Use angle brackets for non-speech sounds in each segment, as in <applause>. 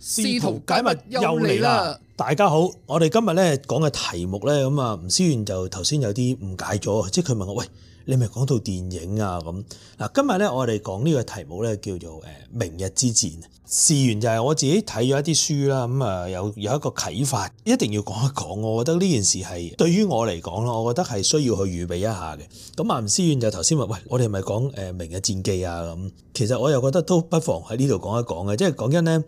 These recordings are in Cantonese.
試圖解密又嚟啦！大家好，我哋今日咧講嘅題目咧咁啊，吳思遠就頭先有啲誤解咗，即係佢問我：喂，你咪講套電影啊咁？嗱，今日咧我哋講呢個題目咧叫做《誒明日之戰》。事緣就係我自己睇咗一啲書啦，咁啊有有一個啟發，一定要講一講。我覺得呢件事係對於我嚟講咯，我覺得係需要去預備一下嘅。咁啊，吳思遠就頭先問：喂，我哋係咪講誒明日戰記啊？咁其實我又覺得都不妨喺呢度講一講嘅，即係講緊咧。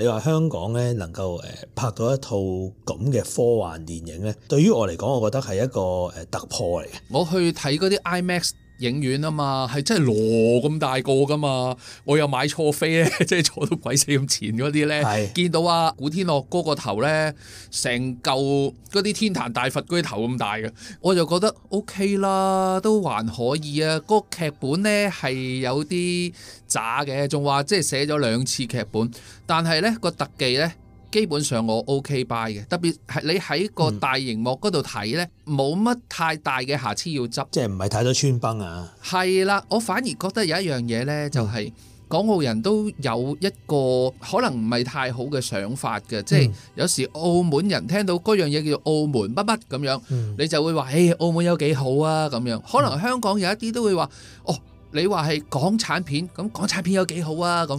你話香港咧能夠誒拍到一套咁嘅科幻電影咧，對於我嚟講，我覺得係一個誒突破嚟嘅。我去睇嗰啲 IMAX 影院啊嘛，係真係羅咁大個噶嘛，我又買錯飛咧，即 <laughs> 係坐到鬼死咁前嗰啲咧，是見到啊古天樂嗰個頭咧，成嚿嗰啲天壇大佛居頭咁大嘅，我就覺得 O、OK、K 啦，都還可以啊。嗰、嗰個劇本咧係有啲渣嘅，仲話即係寫咗兩次劇本，但係咧、嗰個特技咧。基本上我 OK buy 嘅，特別係你喺個大熒幕嗰度睇呢，冇乜太大嘅瑕疵要執。即係唔係太多穿崩啊？係啦，我反而覺得有一樣嘢呢，就係港澳人都有一個可能唔係太好嘅想法嘅，即係有時澳門人聽到嗰樣嘢叫做澳門乜乜咁樣，你就會話誒澳門有幾好啊咁樣。可能香港有一啲都會話哦。你話係港產片咁，港產片有幾好啊？咁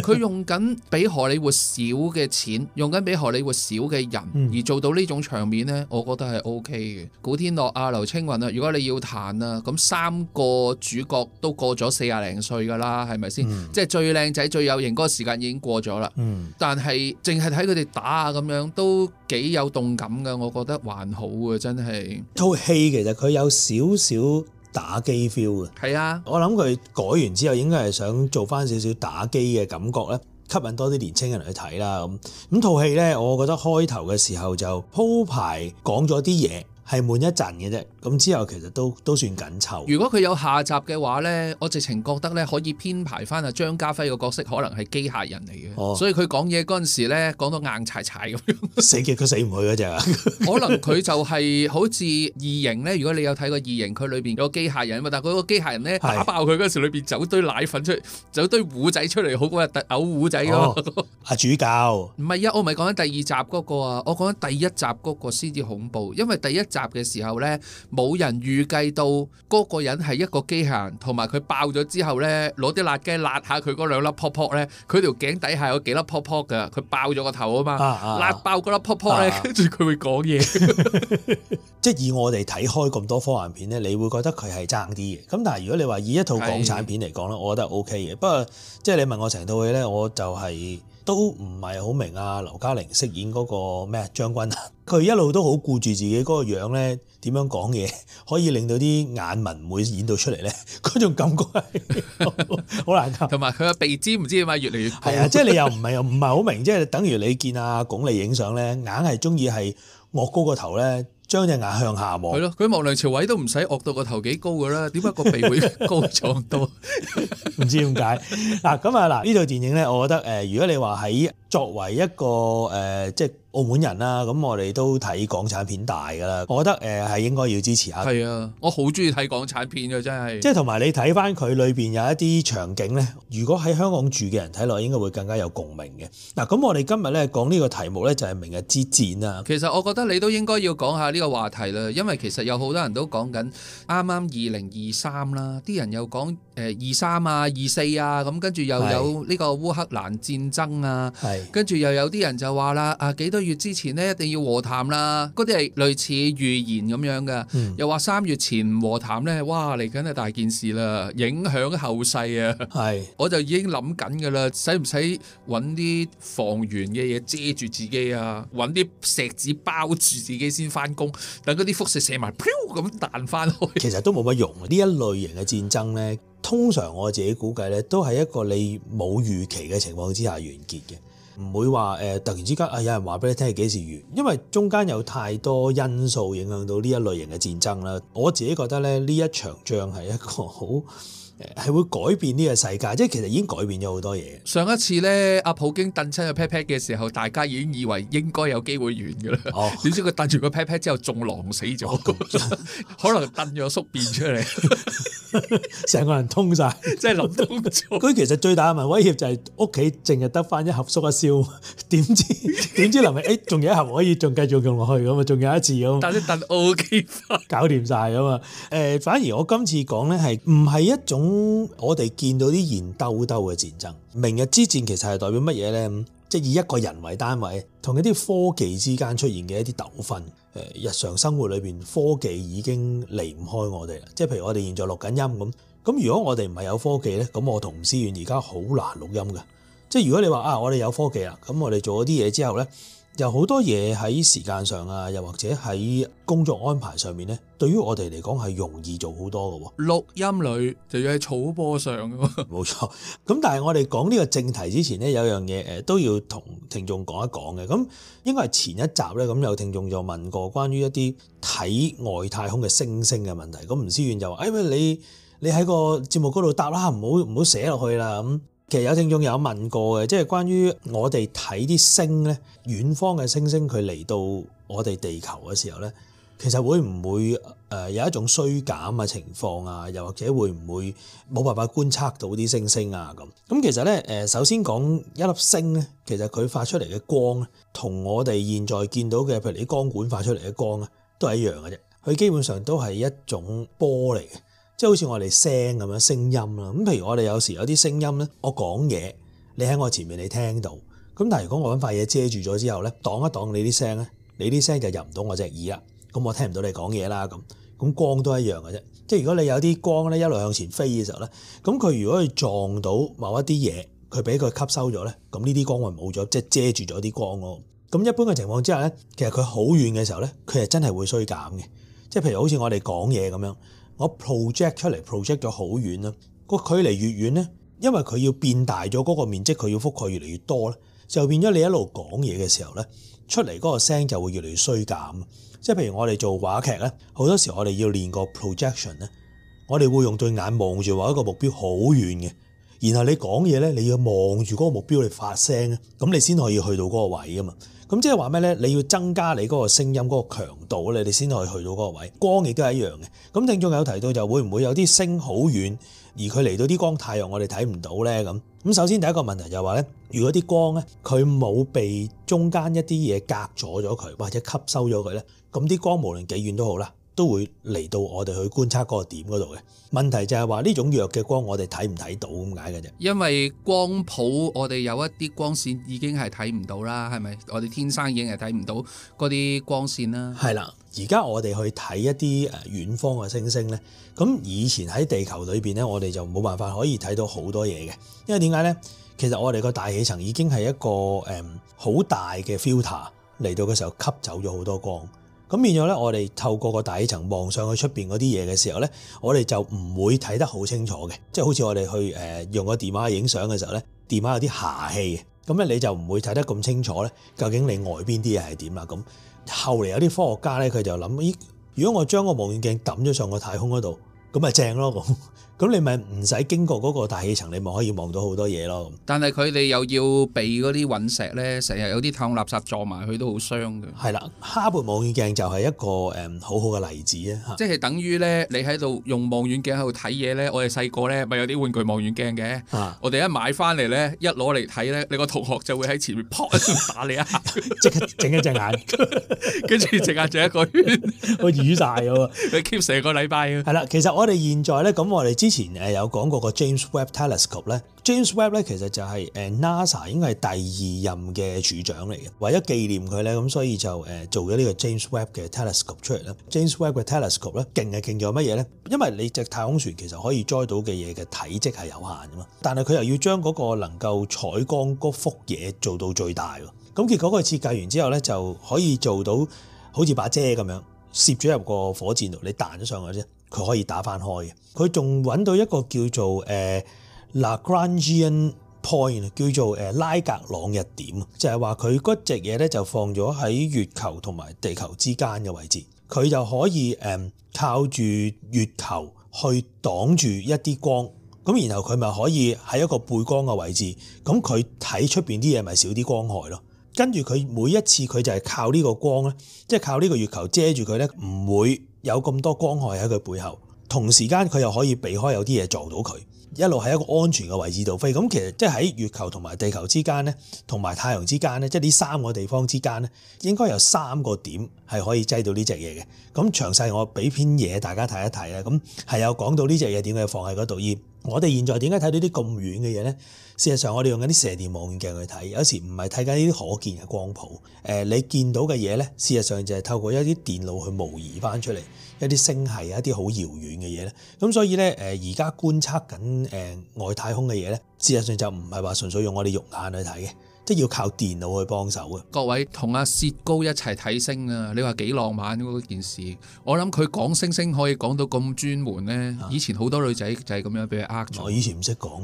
佢用緊比荷里活少嘅錢，用緊比荷里活少嘅人，而做到呢種場面呢，嗯、我覺得係 OK 嘅。古天樂啊、劉青雲啊，如果你要彈啊，咁三個主角都過咗四廿零歲噶啦，係咪先？嗯、即係最靚仔、最有型嗰個時間已經過咗啦。嗯、但係淨係睇佢哋打啊咁樣，都幾有動感嘅，我覺得還好啊，真係。套戲其實佢有少少。打機 feel 嘅，係啊，我諗佢改完之後應該係想做返少少打機嘅感覺咧，吸引多啲年青人去睇啦。咁咁套戲咧，我覺得開頭嘅時候就鋪排講咗啲嘢。係悶一陣嘅啫，咁之後其實都都算緊湊。如果佢有下集嘅話咧，我直情覺得咧可以編排返阿張家輝個角色可能係機械人嚟嘅，哦、所以佢講嘢嗰陣時咧講到硬柴柴咁樣，死嘅佢死唔去嗰隻。可能佢就係、是、 <laughs> 好似異形咧。如果你有睇過異形，佢裏邊個機械人嘛，但係嗰個機械人咧打爆佢嗰陣時，裏邊是走堆奶粉出，嚟，走堆糊仔出嚟，好鬼核突嘔糊仔咯。阿、哦、主教，唔係啊，我唔係講緊第二集嗰、那個啊，我講緊第一集嗰、那個先至恐怖，因為第一。集嘅時候呢，冇人預計到嗰個人係一個機械，同埋佢爆咗之後呢，攞啲辣雞辣下佢嗰兩粒撲撲呢，佢條頸底下有幾粒撲撲㗎，佢爆咗個頭啊嘛、啊啊，啊、辣爆嗰粒撲撲呢，跟住佢會講嘢。即係以我哋睇開咁多科幻片呢，你會覺得佢係爭啲嘅。咁但係如果你話以一套港產片嚟講呢，的我覺得 OK 嘅。不過即係你問我成套戲呢，我就係、是。都唔係好明啊，劉嘉玲飾演嗰個咩啊將軍啊，佢一路都好顧住自己嗰個樣咧，點樣講嘢可以令到啲眼紋會演到出嚟咧？嗰種感覺係好難得，同埋佢個鼻尖唔知點解越嚟越係啊！即係你又唔係 <laughs> 又唔係好明，即係等如你見阿鞏俐影相咧，硬係中意係岳高個頭咧。將隻眼向下望，係咯，佢望梁朝偉都唔使惡到個頭幾高噶啦，點解個鼻會高咗咁多？唔知點解嗱，咁啊嗱呢套電影咧，我覺得誒、呃，如果你話喺。作為一個誒、呃，即係澳門人啦，咁我哋都睇港產片大㗎啦。我覺得誒係、呃、應該要支持下。係啊，我好中意睇港產片㗎，真係。即係同埋你睇翻佢裏邊有一啲場景咧，如果喺香港住嘅人睇落，應該會更加有共鳴嘅。嗱，咁我哋今日咧講呢個題目咧，就係、係《明日之戰》啊。其實我覺得你都應該要講下呢個話題啦，因為其實有好多人都講緊啱啱二零二三啦，啲人又講。誒，二三啊，二四啊，咁跟住又有呢個烏克蘭戰爭啊，跟住是又有啲人就話啦，啊幾多月之前呢一定要和談啦，嗰啲係類似預言咁樣嘅，嗯、又話三月前和談呢，哇嚟緊係大件事啦，影響後世啊，係是我就已經諗緊噶啦，使唔使搵啲防原嘅嘢遮住自己啊，搵啲錫紙包住自己先翻工，等嗰啲輻射射埋飄咁彈翻去，其實都冇乜用呢一類型嘅戰爭呢。 <laughs> 通常我自己估計咧，都係一個你冇預期嘅情況之下完結嘅，唔會話誒突然之間啊，有人話俾你聽係幾時完，因為中間有太多因素影響到呢一類型嘅戰爭啦。我自己覺得咧，呢一場仗係一個好.係會改變呢個世界，即係其實已經改變咗好多嘢。上一次咧，阿普京掟親個 pat pat 嘅時候，大家已經以為應該有機會完噶啦。點、oh。知佢掟住個 pat pat 之後，仲狼死咗，oh, <laughs> 可能掟咗宿便出嚟，成 <laughs> 個人通晒， <laughs> 即係諗到佢其實最大嘅一個威脅就係屋企淨係得翻一盒縮一燒，點知點知臨尾誒，仲、哎、有一盒可以仲繼續用落去，咁啊，仲有一次咁。但係你掟 O K 搞掂晒噶嘛。誒，反而我今次講咧係唔係一種。咁、嗯、我哋見到啲現兜兜嘅戰爭，明日之戰其實係代表乜嘢呢？即係以一個人為單位，同一啲科技之間出現嘅一啲糾紛。誒、呃，日常生活裏邊科技已經離唔開我哋啦。即係譬如我哋現在錄緊音咁，咁如果我哋唔係有科技呢，咁我同思遠而家好難錄音㗎。即係如果你話啊，我哋有科技啦，咁我哋做咗啲嘢之後呢。有好多嘢喺時間上啊，又或者喺工作安排上面咧，對於我哋嚟講係容易做好多嘅喎。錄音裏就要喺草坡上冇 <laughs> 錯。咁但係我哋講呢個正題之前咧，有樣嘢誒都要同聽眾講一講嘅。咁應該係前一集咧，咁有聽眾就問過關於一啲睇外太空嘅星星嘅問題。咁吳思遠就話：誒、喂，你你喺個節目嗰度答啦，唔好唔好寫落去啦咁。其實有聽眾有問過嘅，即係關於我哋睇啲星咧，遠方嘅星星佢嚟到我哋地球嘅時候咧，其實會唔會誒有一種衰減嘅情況啊，又或者會唔會冇辦法觀察到啲星星啊咁？咁其實咧誒，首先講一粒星咧，其實佢發出嚟嘅光同我哋現在見到嘅，譬如啲光管發出嚟嘅光啊，都係一樣嘅啫。佢基本上都係一種波嚟嘅。即係好似我哋聲咁樣聲音啦。咁譬如我哋有時有啲聲音咧，我講嘢，你喺我前面你聽到。咁但係如果我揾塊嘢遮住咗之後咧，擋一擋你啲聲咧，你啲聲就入唔到我隻耳啦。咁我聽唔到你講嘢啦。咁咁光都一樣嘅啫。即係如果你有啲光咧，一路向前飛嘅時候咧，咁佢如果去撞到某一啲嘢，佢俾佢吸收咗咧，咁呢啲光咪冇咗，即係遮住咗啲光咯。咁一般嘅情況之下咧，其實佢好遠嘅時候咧，佢係真係會衰減嘅。即係譬如好似我哋講嘢咁樣。我 pro 出 project 出嚟，project 咗好遠啦。個距離越遠咧，因為佢要變大咗嗰個面積，佢要覆蓋越嚟越多咧，就變咗你一路講嘢嘅時候咧，出嚟嗰個聲就會越嚟越衰減。即係譬如我哋做話劇咧，好多時我哋要練個 projection 咧，我哋會用對眼望住話一個目標好遠嘅，然後你講嘢咧，你要望住嗰個目標嚟發聲啊，咁你先可以去到嗰個位㗎嘛。咁即係話咩咧？你要增加你嗰個聲音嗰個強度咧，你先可以去到嗰個位。光亦都係一樣嘅。咁聽眾有提到就會唔會有啲星好遠，而佢嚟到啲光太陽我，我哋睇唔到咧咁。咁首先第一個問題就係話咧，如果啲光咧佢冇被中間一啲嘢隔咗咗佢，或者吸收咗佢咧，咁啲光無論幾遠都好啦。都會嚟到我哋去觀察嗰個點嗰度嘅問題，就係話呢種弱嘅光，我哋睇唔睇到？咁解嘅啫，因為光譜，我哋有一啲光線已經係睇唔到啦，係咪？我哋天生已經係睇唔到嗰啲光線啦。係啦，而家我哋去睇一啲誒遠方嘅星星咧，咁以前喺地球裏邊咧，我哋就冇辦法可以睇到好多嘢嘅，因為點解咧？其實我哋個大氣層已經係一個誒好、嗯、大嘅 filter 嚟到嘅時候吸走咗好多光，咁變咗咧，我哋透過個大氣層望上去出邊嗰啲嘢嘅時候咧，我哋就唔會睇得好清楚嘅，即係好似我哋去誒用個電話影相嘅時候咧，電話有啲霞氣嘅，咁咧你就唔會睇得咁清楚咧，究竟你外邊啲嘢係點啦？咁後嚟有啲科學家咧，佢就諗，咦，如果我將個望遠鏡揼咗上個太空嗰度，咁咪正咯咁。 <laughs> 咁你咪唔使經過嗰個大氣層，你咪可以望到好多嘢咯。但係佢哋又要避嗰啲隕石咧，成日有啲太空垃圾撞埋去都好傷嘅。係啦，哈勃望遠鏡就係一個誒、嗯、好好嘅例子啊！即係等於咧，你喺度用望遠鏡喺度睇嘢咧。我哋細個咧咪有啲玩具望遠鏡嘅，啊、我哋一買翻嚟咧，一攞嚟睇咧，你個同學就會喺前面撲打你一下，即 <laughs> 刻整一隻眼，跟 <laughs> 住即刻轉一個圈，我瘀曬喎，你 keep 成個禮拜嘅。係啦，其實我哋現在咧咁我哋。之前誒有講過 James cope, James A, 個 James Webb Telescope 咧，James Webb 咧其實就係誒 NASA 應該係第二任嘅處長嚟嘅，為咗紀念佢咧，咁所以就誒做咗呢個 James Webb 嘅 Telescope 出嚟啦。James Webb 嘅 Telescope 咧，勁係勁在乜嘢咧？因為你隻太空船其實可以載到嘅嘢嘅體積係有限㗎嘛，但係佢又要將嗰個能夠採光嗰幅嘢做到最大喎。咁結果佢設計完之後咧，就可以做到好似把遮咁樣攝咗入個火箭度，你彈咗上去啫。佢可以打翻開嘅，佢仲揾到一個叫做、呃、Lagrangian Point，叫做誒、呃、拉格朗日點，就係話佢嗰隻嘢咧就放咗喺月球同埋地球之間嘅位置，佢就可以誒、呃、靠住月球去擋住一啲光，咁然後佢咪可以喺一個背光嘅位置，咁佢睇出面啲嘢咪少啲光害咯。跟住佢每一次佢就係靠呢個光咧，即係靠呢個月球遮住佢咧，唔會。有咁多光害喺佢背後，同時間佢又可以避開有啲嘢撞到佢，一路喺一個安全嘅位置度飛。咁其實即係喺月球同埋地球之間咧，同埋太陽之間咧，即係呢三個地方之間咧，應該有三個點係可以擠到呢隻嘢嘅。咁詳細我俾篇嘢大家睇一睇啊。咁係有講到呢隻嘢點解放喺嗰度？而我哋現在點解睇到啲咁遠嘅嘢咧？事實上，我哋用緊啲射電望遠鏡去睇，有時唔係睇緊呢啲可見嘅光譜。誒、呃，你見到嘅嘢咧，事實上就係透過一啲電腦去模擬翻出嚟一啲星系、一啲好遙遠嘅嘢咧。咁所以咧，誒而家觀察緊誒、呃、外太空嘅嘢咧，事實上就唔係話純粹用我哋肉眼去睇嘅。即係要靠電腦去幫手嘅。各位同阿薛高一齊睇星啊！你話幾浪漫嗰件事？我諗佢講星星可以講到咁專門咧。以前好多女仔就係咁樣俾佢呃咗，我以前唔識講，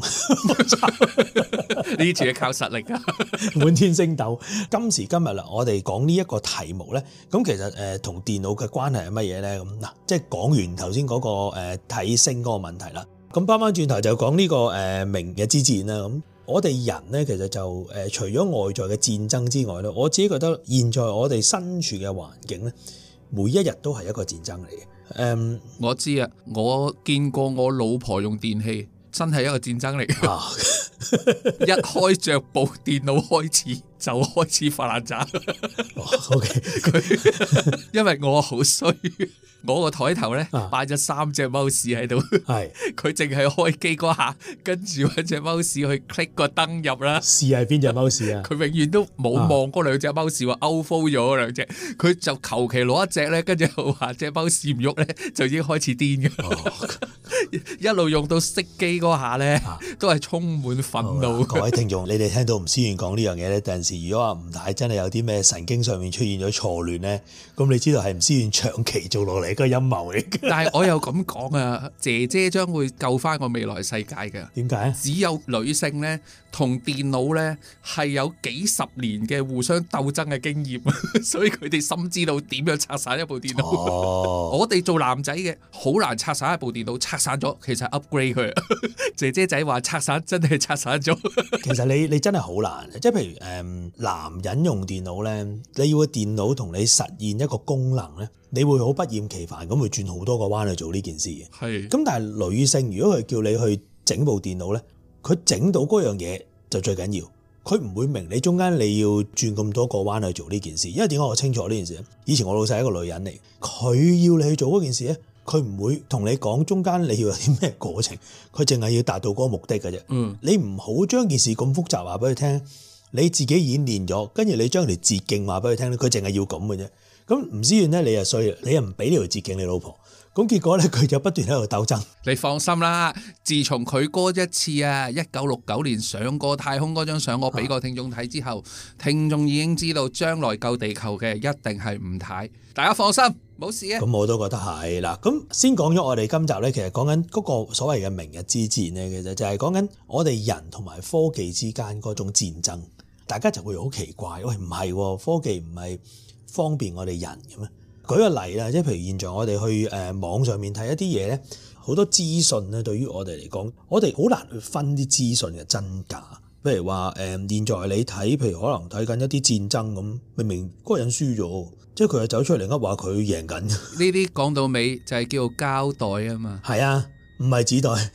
呢次靠實力啊！ <laughs> 滿天星斗，今時今日啦，我哋講呢一個題目咧，咁其實誒同電腦嘅關係係乜嘢咧？咁嗱，即係講完頭先嗰個睇星嗰個問題啦。咁翻翻轉頭就講呢個誒明日之戰啦咁。我哋人呢，其實就誒，除咗外在嘅戰爭之外呢，我自己覺得現在我哋身處嘅環境呢，每一日都係一個戰爭嚟嘅。Um, 我知啊，我見過我老婆用電器，真係一個戰爭嚟嘅。 <laughs> 一開着部電腦開始。就開始發爛渣、 <laughs> 哦、，OK 佢 <laughs> <laughs> 因為我好衰， <laughs> 我個台頭咧擺咗三隻 <laughs> 隻 m 屎喺度，係佢淨係開機嗰下，跟住嗰隻 m 屎去 click 個登入啦。鼠係邊隻 m 屎 u 啊？佢永遠都冇望嗰兩隻 m 屎，u s e 話 o 咗兩隻，佢就求其攞一隻咧，跟住話隻 m 屎唔喐咧，就已經開始癲嘅， <laughs> 一路用到熄機嗰下咧，都係充滿憤怒、哦。各位聽眾，你哋聽到吳思遠講呢樣嘢咧， <laughs> 如果話吳太太真係有啲咩神經上面出現咗錯亂呢，咁你知道係吳思遠長期做落嚟一個陰謀嚟嘅。但係我又咁講啊， <laughs> 姐姐將會救翻我未來世界嘅。點解？只有女性呢。同電腦呢係有幾十年嘅互相鬥爭嘅經驗， <laughs> 所以佢哋深知道點樣拆散一部電腦。哦、 <laughs> 我哋做男仔嘅好難拆散一部電腦，拆散咗其實 upgrade 佢。 <laughs> 姐姐仔話拆散真係拆散咗。 <laughs> 其實你你真係好難，即係譬如誒、呃、男人用電腦呢，你要個電腦同你實現一個功能呢，你會好不厭其煩咁會轉好多個彎去做呢件事嘅。咁是但係女性如果佢叫你去整部電腦呢。佢整到嗰樣嘢就最緊要，佢唔會明你中間你要轉咁多個彎去做呢件事，因為點解我清楚呢件事咧？以前我老細係一個女人嚟，佢要你去做嗰件事咧，佢唔會同你講中間你要有啲咩過程，佢淨係要達到嗰個目的嘅啫。嗯，你唔好將件事咁複雜話俾佢聽，你自己演練咗，跟住你將條捷徑話俾佢聽咧，佢淨係要咁嘅啫。咁吳思遠咧，你又衰，你又唔俾呢條捷徑你老婆。咁結果咧，佢就不斷喺度鬥爭。你放心啦，自從佢哥一次啊，一九六九年上過太空嗰張相，我俾個聽眾睇之後，聽眾已經知道將來救地球嘅一定係吳太。大家放心，冇事嘅。咁我都覺得係啦。咁先講咗我哋今集呢，其實講緊嗰個所謂嘅明日之戰呢，其實就係講緊我哋人同埋科技之間嗰種戰爭。大家就會好奇怪，喂，唔係科技唔係方便我哋人嘅咩？舉個例啦，即係譬如現在我哋去誒網上面睇一啲嘢咧，好多資訊咧對於我哋嚟講，我哋好難去分啲資訊嘅真假。譬如話誒，現在你睇，譬如可能睇緊一啲戰爭咁，明明嗰人輸咗，即係佢係走出嚟另一話佢贏緊。呢啲講到尾就係叫做膠袋啊嘛，係啊，唔係紙袋，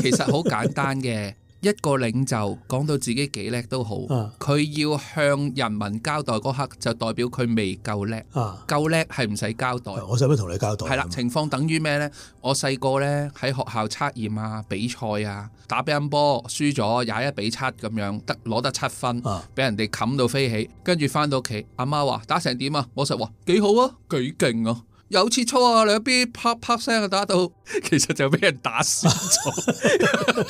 其實好簡單嘅。 <laughs> 一個領袖講到自己幾叻都好，佢、啊、要向人民交代嗰刻就代表佢未夠叻。啊、夠叻係唔使交代。啊、我使唔使同你交代？係啦，情況等於咩呢？我細個呢，喺學校測驗啊、比賽啊、打乒乓波輸咗廿一比七咁樣，得攞得七分，俾、啊、人哋冚到飛起。跟住翻到屋企，阿媽話打成點啊？我實話幾好啊，幾勁啊！有次粗啊，兩邊啪啪聲啊打到，其實就俾人打死咗。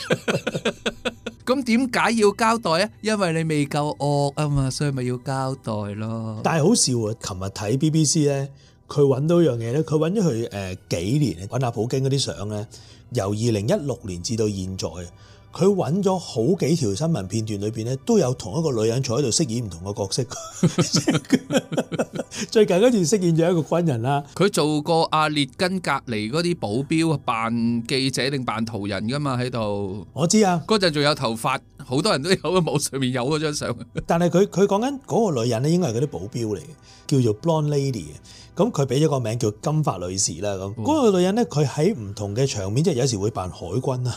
咁點解要交代啊？因為你未夠惡啊嘛，所以咪要交代咯。但係好笑啊！琴日睇 BBC 咧，佢揾到樣嘢咧，佢揾咗佢誒幾年，揾下普京嗰啲相咧，由二零一六年至到現在。佢揾咗好幾條新聞片段裏邊咧，都有同一個女人坐喺度飾演唔同嘅角色。 <laughs> <laughs> 最近嗰段飾演咗一個軍人啦。佢做過阿列根隔離嗰啲保鏢，扮記者定扮途人㗎嘛喺度。我知啊，嗰陣仲有頭髮，好多人都有嘅，網上面有嗰張相。但係佢佢講緊嗰個女人咧，應該係嗰啲保鏢嚟嘅，叫做 Blonde Lady 嘅。咁佢俾咗個名叫金髮女士啦，咁嗰個女人咧，佢喺唔同嘅場面，即係有時會扮海軍啦，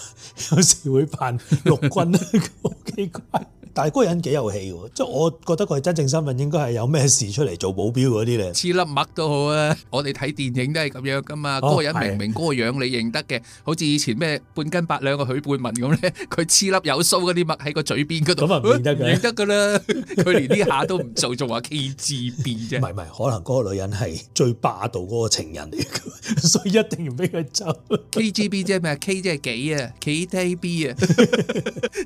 有時會扮陸軍啦，好 <laughs> 奇怪。但係嗰個人幾有氣喎，即係我覺得佢係真正身份應該係有咩事出嚟做保鏢嗰啲咧。黐粒麥都好啊，我哋睇電影都係咁樣噶嘛。嗰、哦、個人明明嗰個樣你認得嘅，好似以前咩半斤八兩嘅許半文咁咧，佢黐粒有鬚嗰啲乜喺個嘴邊嗰度。咁啊、嗯，唔得嘅，認得㗎啦。佢連呢下都唔做，仲話 KGB 啫。唔係唔係，可能嗰個女人係最霸道嗰個情人嚟，所以一定要俾佢走。KGB 即係咩啊？K 即係幾啊？K T B 啊？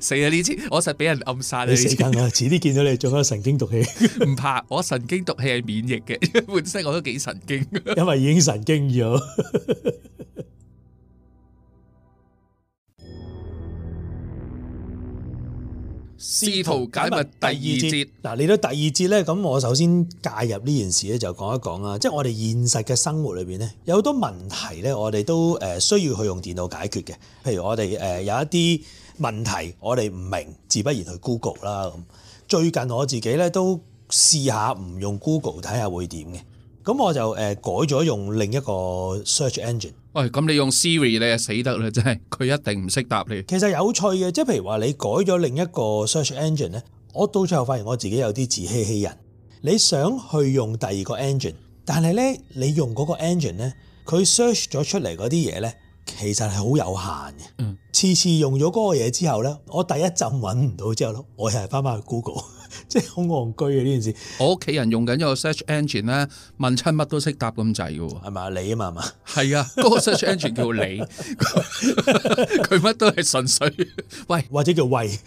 <laughs> 死啊！呢次我實俾人暗殺。你死梗我遲啲見到你做有神經毒氣，唔 <laughs> 怕，我神經毒氣係免疫嘅，本身我都幾神經。因為已經神經咗。試 <laughs> 圖解密第二節，嗱，嚟到第二節咧，咁我首先介入呢件事咧，就講一講啊，即、就、係、是、我哋現實嘅生活裏邊咧，有好多問題咧，我哋都誒需要去用電腦解決嘅，譬如我哋誒有一啲。問題我哋唔明，自不然去 Google 啦咁。最近我自己咧都試下唔用 Google 睇下會點嘅，咁我就誒改咗用另一個 search engine。喂，咁你用 Siri 咧，死得啦，真係佢一定唔識答你。其實有趣嘅，即係譬如話你改咗另一個 search engine 咧，我到最後發現我自己有啲自欺欺人。你想去用第二個 engine，但係咧你用嗰個 engine 咧，佢 search 咗出嚟嗰啲嘢咧。其實係好有限嘅，嗯、次次用咗嗰個嘢之後咧，我第一陣揾唔到之後咯，我又係翻返去 Google，即係好戇居嘅呢件事。我屋企人用緊一個 search engine 咧，問親乜都識答咁滯嘅喎，係咪啊？你啊嘛，係啊，嗰個 search engine 叫你，佢乜 <laughs> 都係純粹喂，或者叫喂，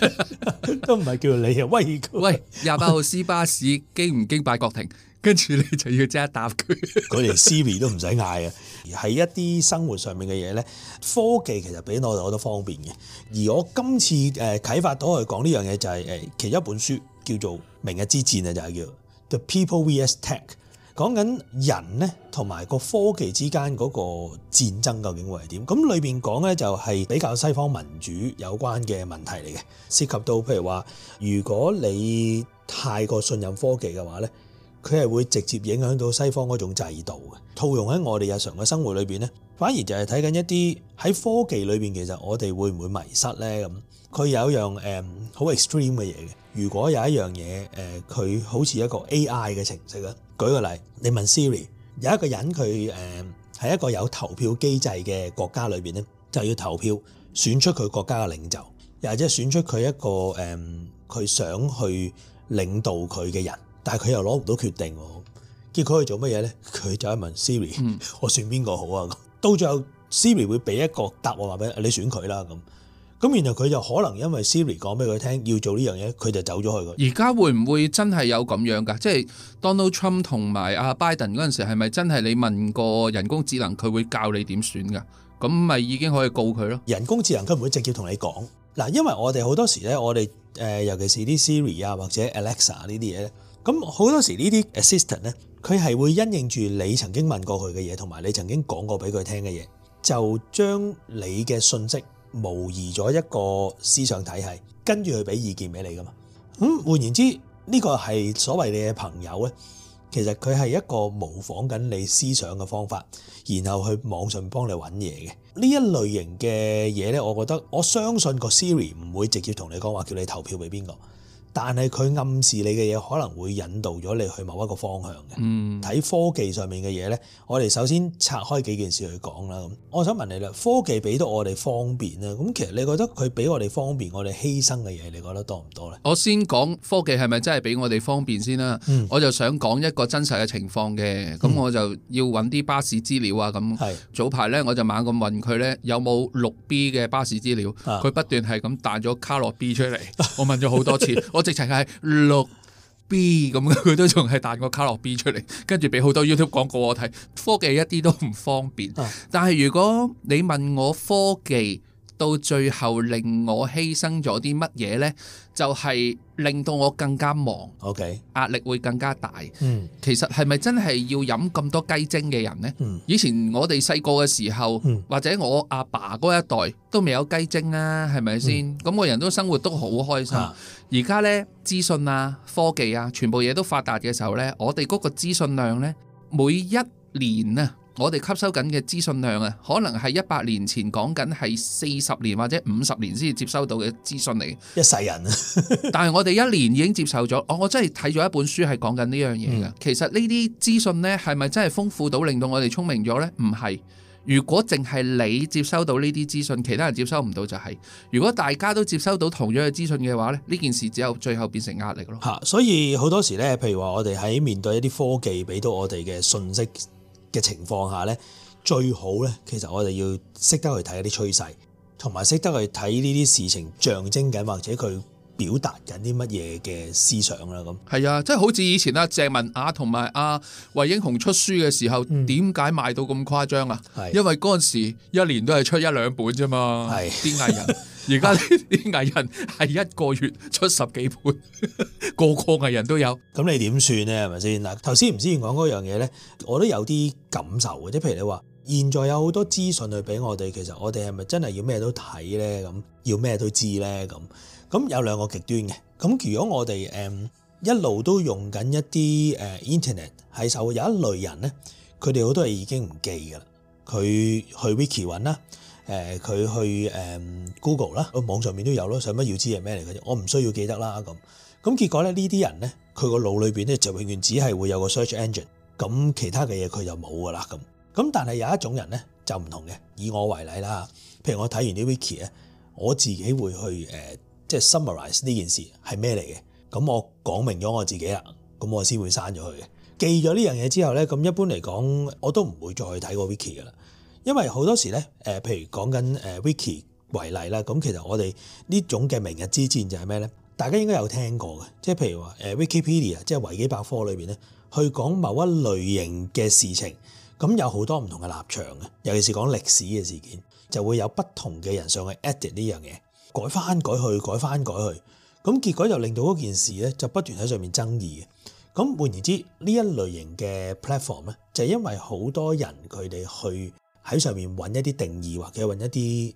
<laughs> 都唔係叫你啊，喂，喂，廿八號 C 巴士 <laughs> 經唔經擺國庭？跟住你就要即刻答佢。嗰條 Siri <laughs> 都唔使嗌啊！而喺一啲生活上面嘅嘢咧，科技其實俾我哋好多方便嘅。而我今次誒啟發到去講呢樣嘢，就係誒其中一本書叫做《明日之戰》啊，就係、是、叫《The People vs Tech》，講緊人咧同埋個科技之間嗰個戰爭究竟會係點？咁裏邊講咧就係比較西方民主有關嘅問題嚟嘅，涉及到譬如話，如果你太過信任科技嘅話咧。佢係會直接影響到西方嗰種制度嘅套用喺我哋日常嘅生活裏邊咧，反而就係睇緊一啲喺科技裏邊，其實我哋會唔會迷失咧？咁佢有一樣誒好、嗯、extreme 嘅嘢嘅。如果有一樣嘢誒，佢、嗯、好似一個 AI 嘅程式咧，舉個例，你問 Siri，有一個人佢誒係一個有投票機制嘅國家裏邊咧，就要投票選出佢國家嘅領袖，又或者選出佢一個誒佢、嗯、想去領導佢嘅人。但係佢又攞唔到決定喎。結果佢做乜嘢咧？佢就係問 Siri：、嗯、我選邊個好啊？到最後 Siri 會俾一個答案話俾你，你選佢啦。咁咁然後佢就可能因為 Siri 講俾佢聽要做呢樣嘢，佢就走咗去了。而家會唔會真係有咁樣噶？即係 Donald Trump 同埋阿拜登嗰陣時，係咪真係你問個人工智能佢會教你點選噶？咁咪已經可以告佢咯？人工智能佢唔會直接同你講嗱，因為我哋好多時咧，我哋誒、呃、尤其是啲 Siri 啊或者 Alexa 呢啲嘢咁好多時呢啲 assistant 咧，佢係會因應住你曾經問過佢嘅嘢，同埋你曾經講過俾佢聽嘅嘢，就將你嘅訊息模擬咗一個思想體系，跟住佢俾意見俾你噶嘛。咁、嗯、換言之，呢、呢個係所謂你嘅朋友咧，其實佢係一個模仿緊你思想嘅方法，然後去網上幫你揾嘢嘅呢一類型嘅嘢呢，我覺得我相信個 Siri 唔會直接同你講話，叫你投票俾邊個。但係佢暗示你嘅嘢可能會引導咗你去某一個方向嘅、嗯。睇科技上面嘅嘢呢，我哋首先拆開幾件事去講啦。咁我想問你啦，科技俾到我哋方便咧，咁其實你覺得佢俾我哋方便，我哋犧牲嘅嘢，你覺得多唔多呢？我先講科技係咪真係俾我哋方便先啦？嗯、我就想講一個真實嘅情況嘅，咁、嗯、我就要揾啲巴士資料啊。咁早排呢，我就猛咁問佢呢，有冇六 B 嘅巴士資料？佢的不斷係咁彈咗卡諾 B 出嚟。我問咗好多次， <laughs> 直情係六 B 咁，佢都仲係彈個卡樂 B 出嚟，跟住俾好多 YouTube 廣告我睇。科技一啲都唔方便，啊、但係如果你問我科技，到最後令我犧牲咗啲乜嘢呢？就係、是、令到我更加忙，壓 Okay. 力會更加大。嗯，其實係咪真係要飲咁多雞精嘅人呢？嗯、以前我哋細個嘅時候，嗯、或者我阿爸嗰一代都未有雞精啦、啊，係咪先？咁個、嗯、人都生活都好開心。而家、啊、呢，資訊啊、科技啊，全部嘢都發達嘅時候呢，我哋嗰個資訊量呢，每一年啊。我哋吸收緊嘅資訊量啊，可能係一百年前講緊係四十年或者五十年先接收到嘅資訊嚟。一世人， <laughs> 但係我哋一年已經接受咗、哦。我我真係睇咗一本書係講緊呢樣嘢㗎。嗯、其實呢啲資訊呢，係咪真係豐富到令到我哋聰明咗呢？唔係。如果淨係你接收到呢啲資訊，其他人接收唔到就係、是。如果大家都接收到同樣嘅資訊嘅話咧，呢件事只有最後變成壓力咯。嚇、啊！所以好多時呢，譬如話我哋喺面對一啲科技俾到我哋嘅信息。嘅情況下咧，最好咧，其實我哋要識得去睇一啲趨勢，同埋識得去睇呢啲事情象徵緊，或者佢表達緊啲乜嘢嘅思想啦。咁係啊，即係好似以前啊，鄭文雅同埋啊，魏英雄出書嘅時候，點解賣到咁誇張啊？係因為嗰陣時一年都係出一兩本啫嘛。係啲藝人。 <laughs> 而家呢啲藝人係一個月出十幾倍， <laughs> 個個藝人都有。咁 <laughs> 你點算呢？係咪先嗱？頭先吳先生講嗰樣嘢呢，我都有啲感受嘅。即係譬如你話，現在有好多資訊去俾我哋，其實我哋係咪真係要咩都睇呢？咁要咩都知呢？咁咁有兩個極端嘅。咁如果我哋誒、嗯、一路都用緊一啲誒 internet，係就有一類人呢，佢哋好多嘢已經唔記噶啦，佢去 wiki 揾啦。誒佢、呃、去誒、嗯、Google 啦、啊，網上面都有咯，上乜要知係咩嚟嘅啫？我唔需要記得啦咁。咁結果咧，呢啲人咧，佢個腦裏邊咧就永遠只係會有個 search engine，咁其他嘅嘢佢就冇噶啦咁。咁但係有一種人咧就唔同嘅，以我為例啦，譬如我睇完啲 wiki 咧，我自己會去誒、呃、即係 summarise 呢件事係咩嚟嘅，咁我講明咗我自己啦，咁我先會刪咗佢，記咗呢樣嘢之後咧，咁一般嚟講我都唔會再去睇個 wiki 嘅啦。因為好多時咧，誒，譬如講緊誒 Wiki 為例啦，咁其實我哋呢種嘅明日之戰就係咩咧？大家應該有聽過嘅，即係譬如話誒 Wikipedia 即係維基百科裏邊咧，去講某一類型嘅事情，咁有好多唔同嘅立場嘅，尤其是講歷史嘅事件，就會有不同嘅人上去 edit 呢樣嘢，改翻改去，改翻改去，咁結果就令到嗰件事咧就不斷喺上面爭議嘅。咁換言之，呢一類型嘅 platform 咧，就係、因為好多人佢哋去。喺上面揾一啲定義或者揾一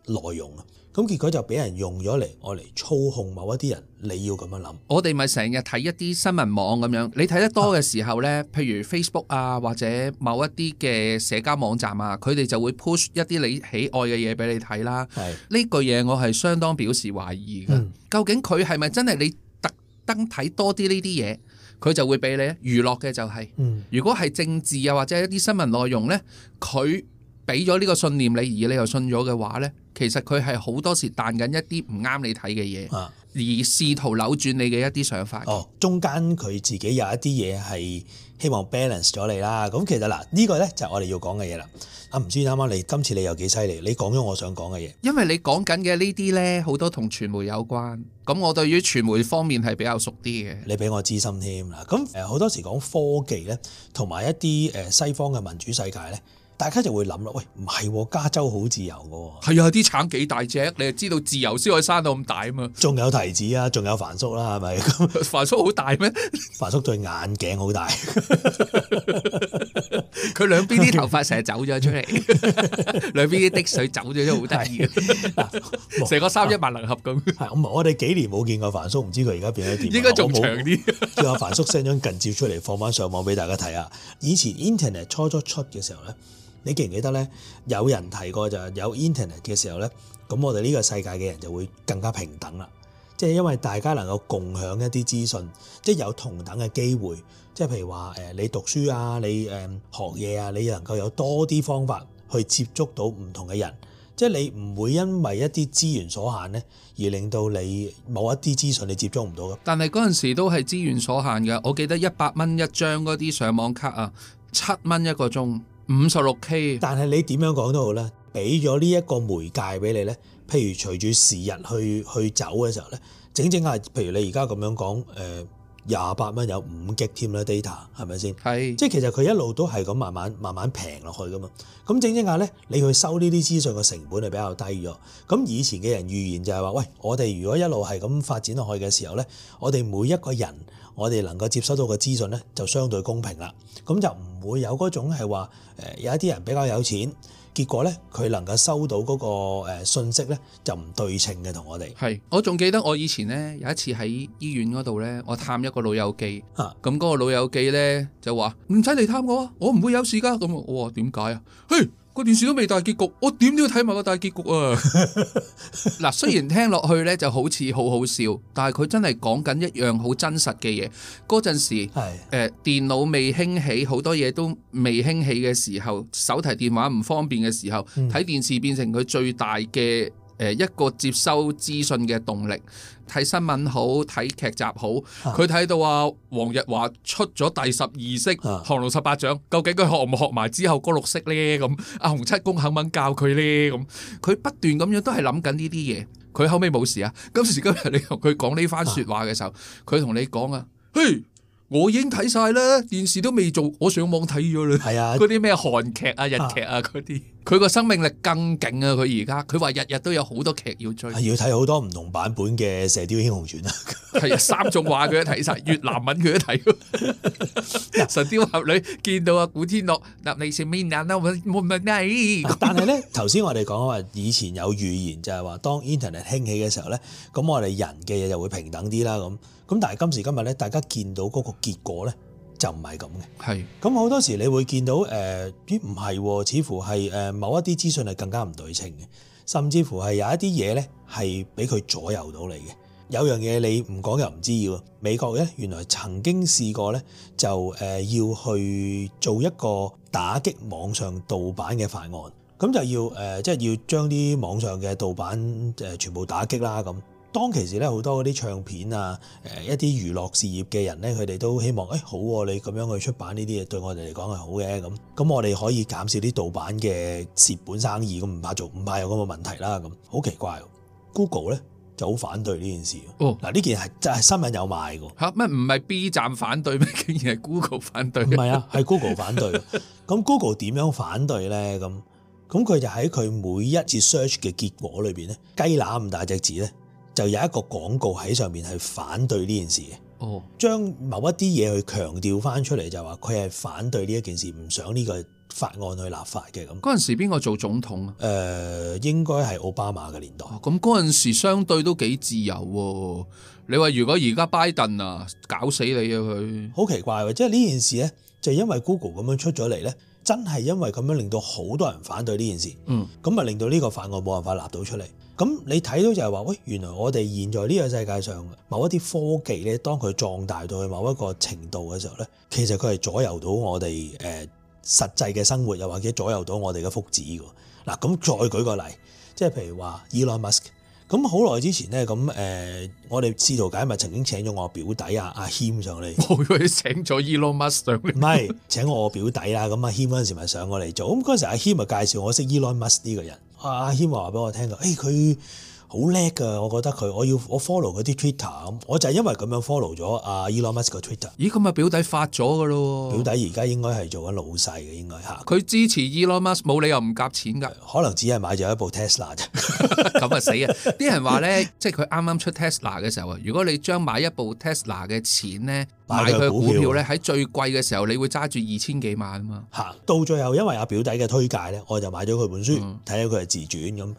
啲內容啊，咁結果就俾人用咗嚟，我嚟操控某一啲人。你要咁樣諗，我哋咪成日睇一啲新聞網咁樣，你睇得多嘅時候呢，啊、譬如 Facebook 啊或者某一啲嘅社交網站啊，佢哋就會 push 一啲你喜愛嘅嘢俾你睇啦。呢是句嘢，我係相當表示懷疑嘅。嗯、究竟佢係咪真係你特登睇多啲呢啲嘢，佢就會俾你？娛樂嘅就係、是，嗯、如果係政治啊或者一啲新聞內容呢，佢。俾咗呢個信念你，而你又信咗嘅話呢，其實佢係好多時彈緊一啲唔啱你睇嘅嘢，啊、而試圖扭轉你嘅一啲想法。哦，中間佢自己有一啲嘢係希望 balance 咗你啦。咁其實嗱，呢、呢個呢就係、是、我哋要講嘅嘢啦。啊，唔知啱啱你今次你又幾犀利？你講咗我想講嘅嘢。因為你講緊嘅呢啲呢好多同傳媒有關。咁我對於傳媒方面係比較熟啲嘅。你俾我資深添啦。咁好多時講科技呢，同埋一啲誒西方嘅民主世界呢。大家就會諗啦，喂，唔係、哦、加州好自由嘅喎，哦，係啊，啲橙幾大隻，你就知道自由先可以生到咁大啊嘛，仲有提子啊，仲有凡叔啦、啊，係咪？凡 <laughs> 叔好大咩？凡叔對眼鏡好大，佢 <laughs> <laughs> 兩邊啲頭髮成日走咗出嚟， <laughs> <laughs> 兩邊啲滴水走咗出，好得意啊，成 <laughs> <laughs> 個三一萬能俠咁。 <laughs> 我哋幾年冇見過凡叔，唔知佢而家變咗點？應該仲長啲。最後阿凡叔 send 張近照出嚟放翻上網俾大家睇啊！以前 Internet 初初出嘅時候咧。你記唔記得咧？有人提過就有 Internet 嘅時候咧，咁我哋呢個世界嘅人就會更加平等啦。即係因為大家能夠共享一啲資訊，即係有同等嘅機會。即係譬如話誒，你讀書啊，你誒學嘢啊，你能夠有多啲方法去接觸到唔同嘅人。即係你唔會因為一啲資源所限咧，而令到你某一啲資訊你接觸唔到嘅。但係嗰陣時都係資源所限嘅。我記得一百蚊一張嗰啲上網卡啊，七蚊一個鐘。五十六 K，但係你點樣講都好咧，俾咗呢一個媒介俾你咧，譬如隨住時日去去走嘅時候咧，整整下，譬如你而家咁樣講，誒廿八蚊有五 gig 添啦 data，係咪先？係，是即係其實佢一路都係咁慢慢慢慢平落去㗎嘛，咁整整一下咧，你去收呢啲資訊嘅成本係比較低咗，咁以前嘅人預言就係話，喂，我哋如果一路係咁發展落去嘅時候咧，我哋每一個人。我哋能夠接收到嘅資訊呢，就相對公平啦。咁就唔會有嗰種係話，誒有一啲人比較有錢，結果呢，佢能夠收到嗰個誒信息呢，就唔對稱嘅同我哋。係，我仲記得我以前呢，有一次喺醫院嗰度呢，我探一個老友記啊，咁嗰個老友記呢，就話唔使嚟探我，我唔會有事噶。咁我話點解啊？嘿！Hey! 個電視都未大結局，我點都要睇埋個大結局啊！嗱， <laughs> 雖然聽落去呢就好似好好笑，但係佢真係講緊一樣好真實嘅嘢。嗰陣時，誒的、呃，電腦未興起，好多嘢都未興起嘅時候，手提電話唔方便嘅時候，睇、嗯、電視變成佢最大嘅。誒一個接收資訊嘅動力，睇新聞好，睇劇集好。佢睇到啊，黃日華出咗第十二式《降、啊、龍十八掌》，究竟佢學唔學埋之後嗰六式呢？咁啊，洪七公肯唔肯教佢呢？咁佢不斷咁樣都係諗緊呢啲嘢。佢後尾冇事啊。今時今日你同佢講呢番説話嘅時候，佢同、啊、你講啊，嘿。我已經睇晒啦，電視都未做，我上網睇咗啦。係啊，嗰啲咩韓劇啊、日劇啊嗰啲，佢個、啊、生命力更勁啊！佢而家佢話日日都有好多劇要追，係要睇好多唔同版本嘅《射鵰英雄傳》 <laughs> 啊！係啊三種話佢都睇晒， <laughs> 越南文佢都睇。 <laughs> 神鵰俠侶見到啊，古天樂，嗱你食面眼啦，我冇乜嘢但係咧，頭先我哋講話，以前有預言就係話，當 Internet 興起嘅時候咧，咁我哋人嘅嘢就會平等啲啦，咁。咁但係今時今日咧，大家見到嗰個結果咧，就唔係咁嘅。係，咁好多時你會見到誒，咦唔係，似乎係誒某一啲資訊係更加唔對稱嘅，甚至乎係有一啲嘢咧係俾佢左右到你嘅。有樣嘢你唔講又唔知喎，美國咧，原來曾經試過咧，就、呃、誒要去做一個打擊網上盜版嘅法案，咁就要誒，即、呃、係、就是、要將啲網上嘅盜版誒全部打擊啦咁。呃當其時咧，好多嗰啲唱片啊，誒一啲娛樂事業嘅人咧，佢哋都希望誒、哎、好、啊、你咁樣去出版呢啲嘢，對我哋嚟講係好嘅咁。咁我哋可以減少啲盜版嘅蝕本生意，咁唔怕做，唔怕有咁嘅問題啦。咁好奇怪喎、啊、Google 咧就好反對呢件事。哦，嗱呢件係真係新聞有賣㗎嚇咩唔係 B 站反對咩？竟然係 Google 反對？唔係啊，係 Google 反對。咁 <laughs> Google 點樣反對咧？咁咁佢就喺佢每一次 search 嘅結果裏邊咧，雞乸咁大隻字咧。就有一個廣告喺上面係反對呢件事嘅，將、哦、某一啲嘢去強調翻出嚟，就話佢係反對呢一件事，唔想呢個法案去立法嘅咁。嗰陣時邊個做總統啊？誒、呃，應該係奧巴馬嘅年代。咁嗰陣時相對都幾自由喎。你話如果而家拜登啊，搞死你啊佢。好奇怪喎！即係呢件事呢，就因為 Google 咁樣出咗嚟呢。真係因為咁樣令到好多人反對呢件事，咁咪、嗯、令到呢個法案冇辦法立到出嚟。咁你睇到就係話，喂，原來我哋現在呢個世界上某一啲科技咧，當佢壯大到去某一個程度嘅時候咧，其實佢係左右到我哋誒、呃、實際嘅生活，又或者左右到我哋嘅福祉㗎。嗱，咁再舉個例，即係譬如話，Elon Musk 咁好耐之前咧，咁誒、呃，我哋試圖解密曾經請咗我表弟啊阿謙上嚟，我佢請咗 Elon Musk 上嚟，唔係請我表弟啦，咁阿謙嗰陣時咪上過嚟做，咁嗰陣時阿謙咪介紹我識 Elon Musk 呢個人，阿阿謙話話俾我聽㗎，誒、欸、佢。好叻㗎，我覺得佢，我要我 follow 佢啲 Twitter，我就係因為咁樣 follow 咗阿 Elon Musk 個 Twitter。咦，咁啊，表弟發咗㗎咯！表弟而家應該係做緊老細嘅應該吓。佢支持 Elon Musk，冇理由唔夾錢㗎。可能只係買咗一部 Tesla 啫。咁啊死啊！啲人話咧，即係佢啱啱出 Tesla 嘅時候啊，如果你將買一部 Tesla 嘅錢咧，買佢股票咧，喺、啊、最貴嘅時候，你會揸住二千幾萬啊嘛。嚇！到最後因為阿表弟嘅推介咧，我就買咗佢本書，睇到佢係自傳咁。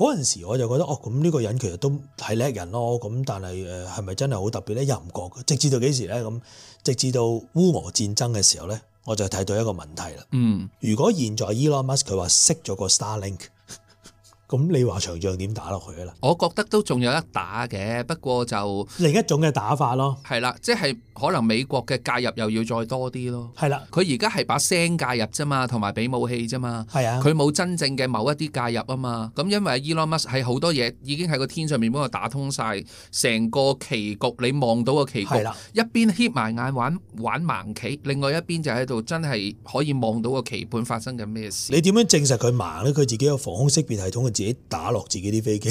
嗰陣時我就覺得哦咁。呢個人其實都係叻人咯，咁但係誒係咪真係好特別咧？又唔覺㗎，直至到幾時咧？咁直至到烏俄戰爭嘅時候咧，我就睇到一個問題啦。嗯，如果現在 Elon Musk 佢話熄咗個 Starlink，咁你話長將點打落去啊？我覺得都仲有一打嘅，不過就另一種嘅打法咯。係啦，即係。可能美國嘅介入又要再多啲咯。係啦，佢而家係把聲介入啫嘛，同埋俾武器啫嘛，係啊，佢冇真正嘅某一啲介入啊嘛，咁因為 Elon Musk 係好多嘢，已經喺個天上面幫佢打通晒。成個棋局，你望到個棋局，一邊黐埋眼玩玩盲棋，另外一邊就喺度真係可以望到個棋盤發生緊咩事。你點樣證實佢盲咧？佢自己有防空識別系統，佢自己打落自己啲飛機，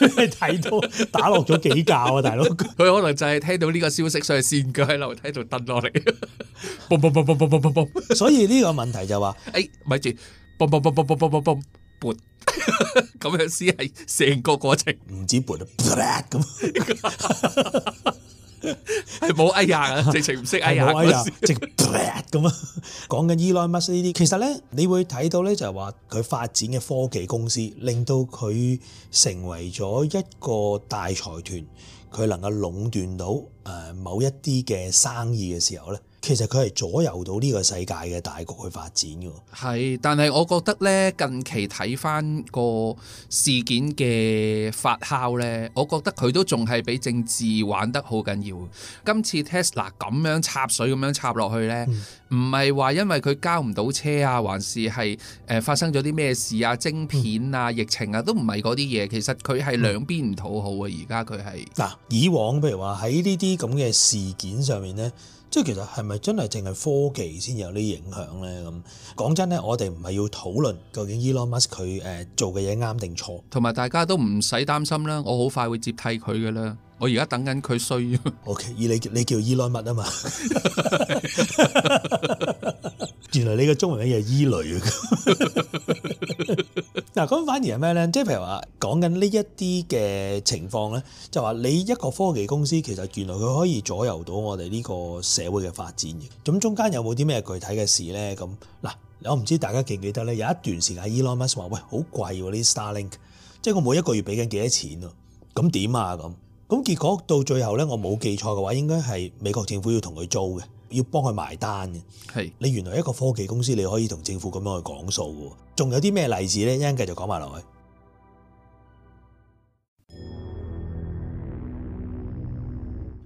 你睇到打落咗幾架啊，大佬？佢可能就係聽到呢個消。識上線，佢喺樓梯度蹬落嚟，嘣嘣嘣。所以呢個問題就話，誒，咪住，嘣嘣嘣嘣嘣嘣嘣嘣，撥，咁樣先係成個過程，唔止撥啦，咁，係冇哎呀啊，直情唔識哎呀，直咁啊，講緊 Elon Musk 呢啲，其實咧你會睇到咧就係話佢發展嘅科技公司，令到佢成為咗一個大財團。佢能夠壟斷到誒某一啲嘅生意嘅時候咧。其實佢係左右到呢個世界嘅大局去發展嘅。係，但係我覺得呢近期睇翻個事件嘅發酵呢，我覺得佢都仲係比政治玩得好緊要。今次 Tesla 咁樣插水咁樣插落去呢，唔係話因為佢交唔到車啊，還是係誒發生咗啲咩事啊、晶片啊、嗯、疫情啊，都唔係嗰啲嘢。其實佢係兩邊唔討好啊。而家佢係嗱，以往譬如話喺呢啲咁嘅事件上面呢。即係其實係咪真係淨係科技先有啲影響咧？咁講真咧，我哋唔係要討論究竟 Elon Musk 佢誒做嘅嘢啱定錯，同埋大家都唔使擔心啦。我好快會接替佢嘅啦。我 okay，而家等緊佢衰。OK，而你你叫 Elon Musk 啊嘛。原來你個中文名嘅係伊雷啊！嗱，咁反而係咩咧？即係譬如話講緊呢一啲嘅情況咧，就話、是、你一個科技公司其實原來佢可以左右到我哋呢個社會嘅發展嘅。咁中間有冇啲咩具體嘅事咧？咁嗱，我唔知大家記唔記得咧？有一段時間，Elon Musk 話：喂，好貴喎！呢啲 Starlink，即係我每一個月俾緊幾多錢啊？」咁點啊？咁咁結果到最後咧，我冇記錯嘅話，應該係美國政府要同佢租嘅。.要幫佢埋單嘅，係是你原來一個科技公司，你可以同政府咁樣去講數嘅。仲有啲咩例子呢？一陣繼續講埋落去。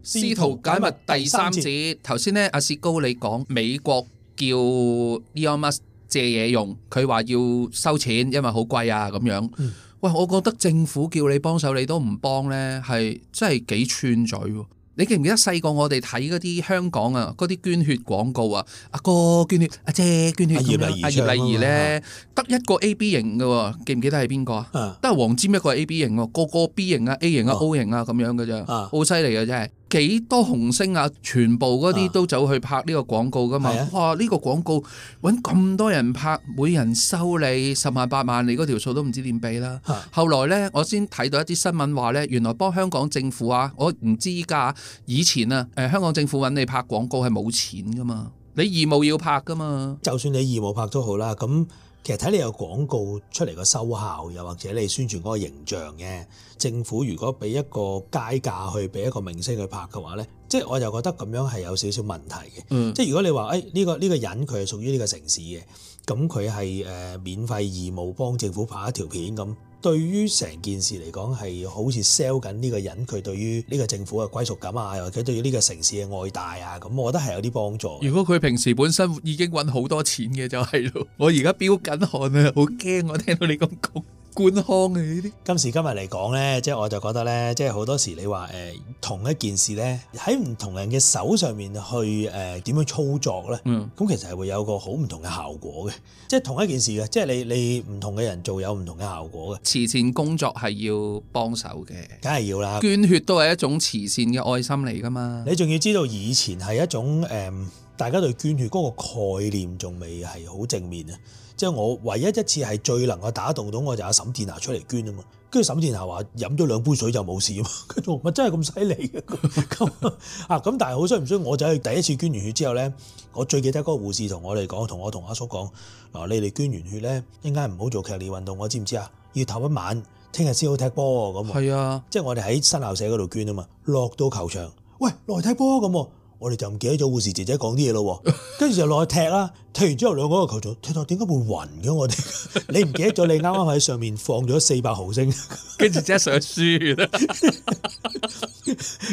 司徒解密第三節，頭先呢，阿薛高你講美國叫 Elon Musk 借嘢用佢話要收錢，因為好貴啊咁樣。嗯、喂，我覺得政府叫你幫手，你都唔幫呢，係真係幾串嘴。你記唔記得細個我哋睇嗰啲香港啊，嗰啲捐血廣告啊，阿哥捐血，阿姐捐血咁樣，阿葉麗儀咧得、啊、一個 AB 型嘅喎，記唔記得係邊個啊？得係黃霑一個 AB 型喎，個個 B 型啊、A 型啊、O 型啊咁樣嘅啫，好犀利嘅真係。幾多紅星啊！全部嗰啲都走去拍呢個廣告㗎嘛！啊、哇！呢、呢個廣告揾咁多人拍，每人收你十萬八萬，你嗰條數都唔知點畀啦。啊、後來呢，我先睇到一啲新聞話呢，原來幫香港政府啊，我唔知依家以前啊，誒、呃、香港政府揾你拍廣告係冇錢㗎嘛，你義務要拍㗎嘛。就算你義務拍都好啦，咁。其實睇你有廣告出嚟個收效，又或者你宣傳嗰個形象嘅政府，如果俾一個街價去俾一個明星去拍嘅話咧，即係我就覺得咁樣係有少少問題嘅。即係、嗯、如果你話，誒呢個呢個人佢係屬於呢個城市嘅，咁佢係誒免費義務幫政府拍一條片咁。對於成件事嚟講，係好似 sell 緊呢個人佢對於呢個政府嘅歸屬感啊，或者對於呢個城市嘅愛戴啊，咁我覺得係有啲幫助。如果佢平時本身已經揾好多錢嘅就係咯，我而家飆緊汗啊，好驚我聽到你咁講。冠康嘅呢啲，今時今日嚟講咧，即係我就覺得咧，即係好多時你話誒同一件事咧，喺唔同人嘅手上面去誒呃點樣操作咧，嗯，咁其實係會有個好唔同嘅效果嘅，即係同一件事嘅，即係你你唔同嘅人做有唔同嘅效果嘅。慈善工作係要幫手嘅，梗係要啦。捐血都係一種慈善嘅愛心嚟㗎嘛。你仲要知道以前係一種誒、呃，大家對捐血嗰個概念仲未係好正面啊。即係我唯一一次係最能夠打動到我，就阿沈殿霞出嚟捐啊嘛。跟住沈殿霞話飲咗兩杯水就冇事 <laughs> 啊嘛。佢仲咪真係咁犀利嘅咁啊咁。但係好衰唔衰，我就係第一次捐完血之後咧，我最記得嗰個護士同我哋講，同我同阿叔講嗱，你哋捐完血咧，應該唔好做劇烈運動，我知唔知啊？要唞一晚聽日先好踢波咁。係是啊，即係我哋喺新校舍嗰度捐啊嘛。落到球場，喂，落去踢波咁，我哋就唔記得咗護士姐姐講啲嘢咯喎。跟住就落去踢啦。踢完之後，兩個個球組踢到，點解會暈嘅？我哋， <laughs> 你唔記得咗？你啱啱喺上面放咗四百毫升，跟住即刻上輸，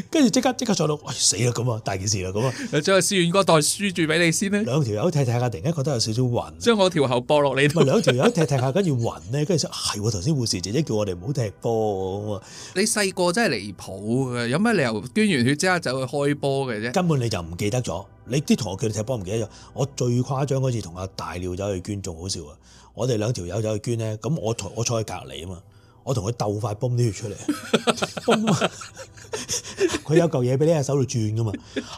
跟住即刻即刻坐到，哎死啦咁啊！大件事啦咁啊！將個輸完嗰袋輸住俾你先啦。兩條友踢踢下，突然間覺得有少少暈。將我條喉駁落你度。兩條友踢踢下，跟住暈咧，跟住想係喎。頭先護士姐，姐姐叫我哋唔好踢波。你細個真係離譜嘅，有乜理由捐完血即刻走去開波嘅啫？ <laughs> 根本你就唔記得咗。你啲同學叫你踢波唔記得咗？我最誇張嗰次同阿大鳥走去捐，仲好笑啊！我哋兩條友走去捐咧，咁我坐我坐喺隔離啊嘛，我同佢鬥快泵啲血出嚟，泵啊！佢 <laughs> 有嚿嘢俾你喺手度轉噶嘛，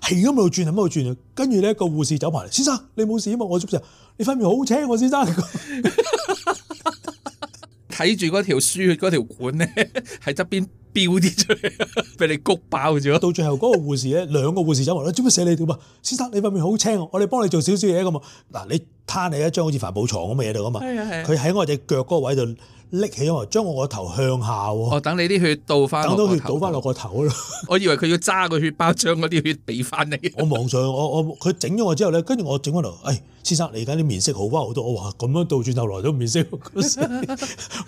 係咁喺度轉，喺乜度轉啊？跟住咧，個護士走埋嚟，先生，你冇事啊嘛？我做咩你塊面好青喎，先生。 <laughs> <laughs> 睇住嗰條輸嗰條管咧喺側邊飆啲出嚟，俾你谷爆住。到最後嗰個護士咧，兩個護士走埋啦，點會寫你點啊？先生，你塊面好青，我哋幫你做少少嘢咁啊！嗱，你攤你一張好似帆布床咁嘅嘢度噶嘛，佢喺我隻腳嗰個位度拎起我，嚟，將我個頭向下喎。等你啲血倒翻。等到血倒翻落個頭咯。我以為佢要揸個血包，將嗰啲血俾翻你。我望上，我我佢整咗我之後咧，跟住我整翻度，哎。先生，你而家啲面色好返好多，我話咁樣倒轉頭來都面色，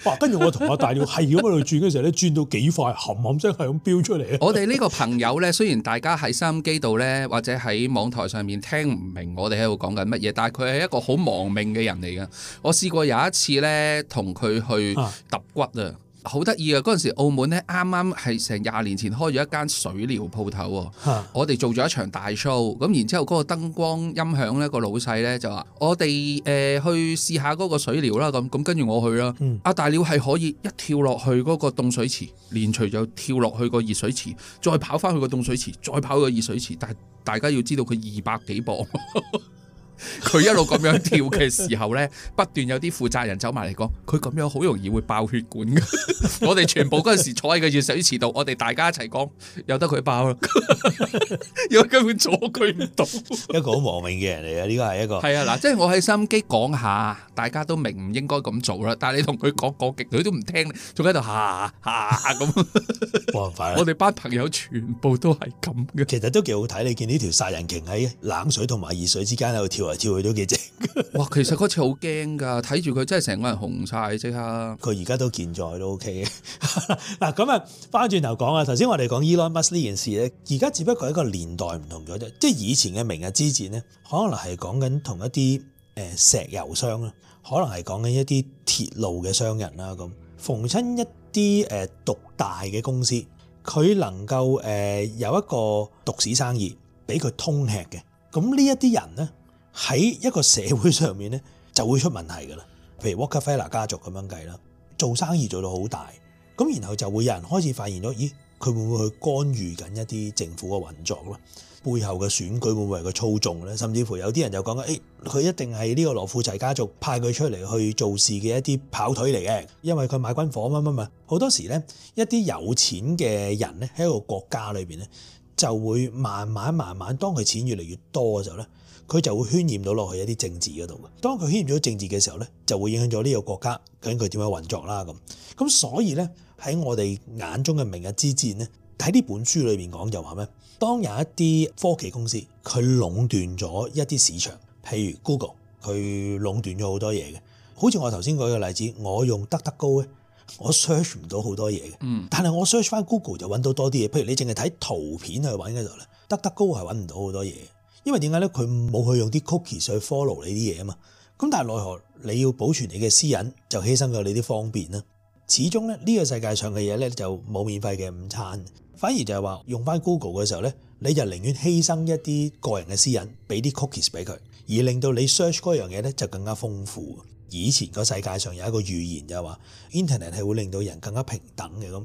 哇！跟住我同阿大尿係咁喺度轉嘅時候咧，轉到幾塊冚冚聲係咁飆出嚟。我哋呢個朋友咧，雖然大家喺收音機度咧，或者喺網台上面聽唔明我哋喺度講緊乜嘢，但係佢係一個好亡命嘅人嚟㗎。我試過有一次咧，同佢去揼骨啊。好得意啊！嗰陣時澳門呢，啱啱係成廿年前開咗一間水療鋪頭喎。啊、我哋做咗一場大 show，咁然之後嗰個燈光音響呢個老細呢就話：我哋誒、呃、去試下嗰個水療啦。咁咁跟住我去啦。阿、嗯啊、大鳥係可以一跳落去嗰個凍水池，連隨就跳落去個熱水池，再跑翻去個凍水池，再跑去個熱水池。但係大家要知道佢二百幾磅。 <laughs> 佢一路咁樣跳嘅時候咧， <laughs> 不斷有啲負責人走埋嚟講，佢咁樣好容易會爆血管噶。 <laughs> 我哋全部嗰陣時坐喺個熱水池度，我哋大家一齊講，由得佢爆咯， <laughs> 因為根本阻佢唔到。 <laughs> 一個好亡命嘅人嚟嘅，呢個係一個係 <laughs> 啊嗱，即係我喺收音機講下，大家都明唔應該咁做啦。但係你同佢講講極，佢 <laughs> 都唔聽，仲喺度下下吓咁。冇辦法，我哋班朋友全部都係咁嘅。 <laughs> 其實都幾好睇，你見呢條殺人鯨喺冷水同埋熱水之間喺度跳跳去都幾正哇！其實嗰次好驚㗎，睇住佢真係成個人紅晒，即刻。佢而家都健在都 O K 嘅嗱。咁 <laughs> 啊，翻轉頭講啊，頭先我哋講 Elon Musk 呢件事咧，而家只不過係一個年代唔同咗啫。即係以前嘅明日之戰咧，可能係講緊同一啲誒石油商啦，可能係講緊一啲鐵路嘅商人啦。咁逢親一啲誒獨大嘅公司，佢能夠誒有一個獨市生意俾佢通吃嘅。咁呢一啲人咧。喺一個社會上面咧，就會出問題㗎啦。譬如 Rockefeller 家族咁樣計啦，做生意做到好大，咁然後就會有人開始發現咗，咦，佢會唔會去干預緊一啲政府嘅運作咯？背後嘅選舉會唔會係佢操縱咧？甚至乎有啲人就講緊，誒、哎，佢一定係呢個羅富齊家族派佢出嚟去做事嘅一啲跑腿嚟嘅，因為佢買軍火啊嘛嘛。好多時咧，一啲有錢嘅人咧喺一個國家裏邊咧。就會慢慢慢慢，當佢錢越嚟越多嘅時候呢，佢就會渲染到落去一啲政治嗰度嘅。當佢渲染咗政治嘅時候呢，就會影響咗呢個國家究竟佢點樣運作啦咁。咁所以呢，喺我哋眼中嘅明日之戰呢，喺呢本書裏面講就話咩？當有一啲科技公司佢壟斷咗一啲市場，譬如 Google 佢壟斷咗好多嘢嘅，好似我頭先舉嘅例子，我用得得高。o 我 search 唔到好多嘢嘅，嗯、但係我 search 翻 Google 就揾到多啲嘢。譬如你淨係睇圖片去揾嗰度咧，得得高係揾唔到好多嘢，因為點解咧？佢冇去用啲 cookies 去 follow 你啲嘢啊嘛。咁但係奈何你要保存你嘅私隱，就犧牲咗你啲方便啦。始終咧呢、這個世界上嘅嘢咧就冇免費嘅午餐，反而就係話用翻 Google 嘅時候咧，你就寧願犧牲一啲個人嘅私隱，俾啲 cookies 俾佢，而令到你 search 嗰樣嘢咧就更加豐富。以前個世界上有一個預言就係話，Internet 係會令到人更加平等嘅咁。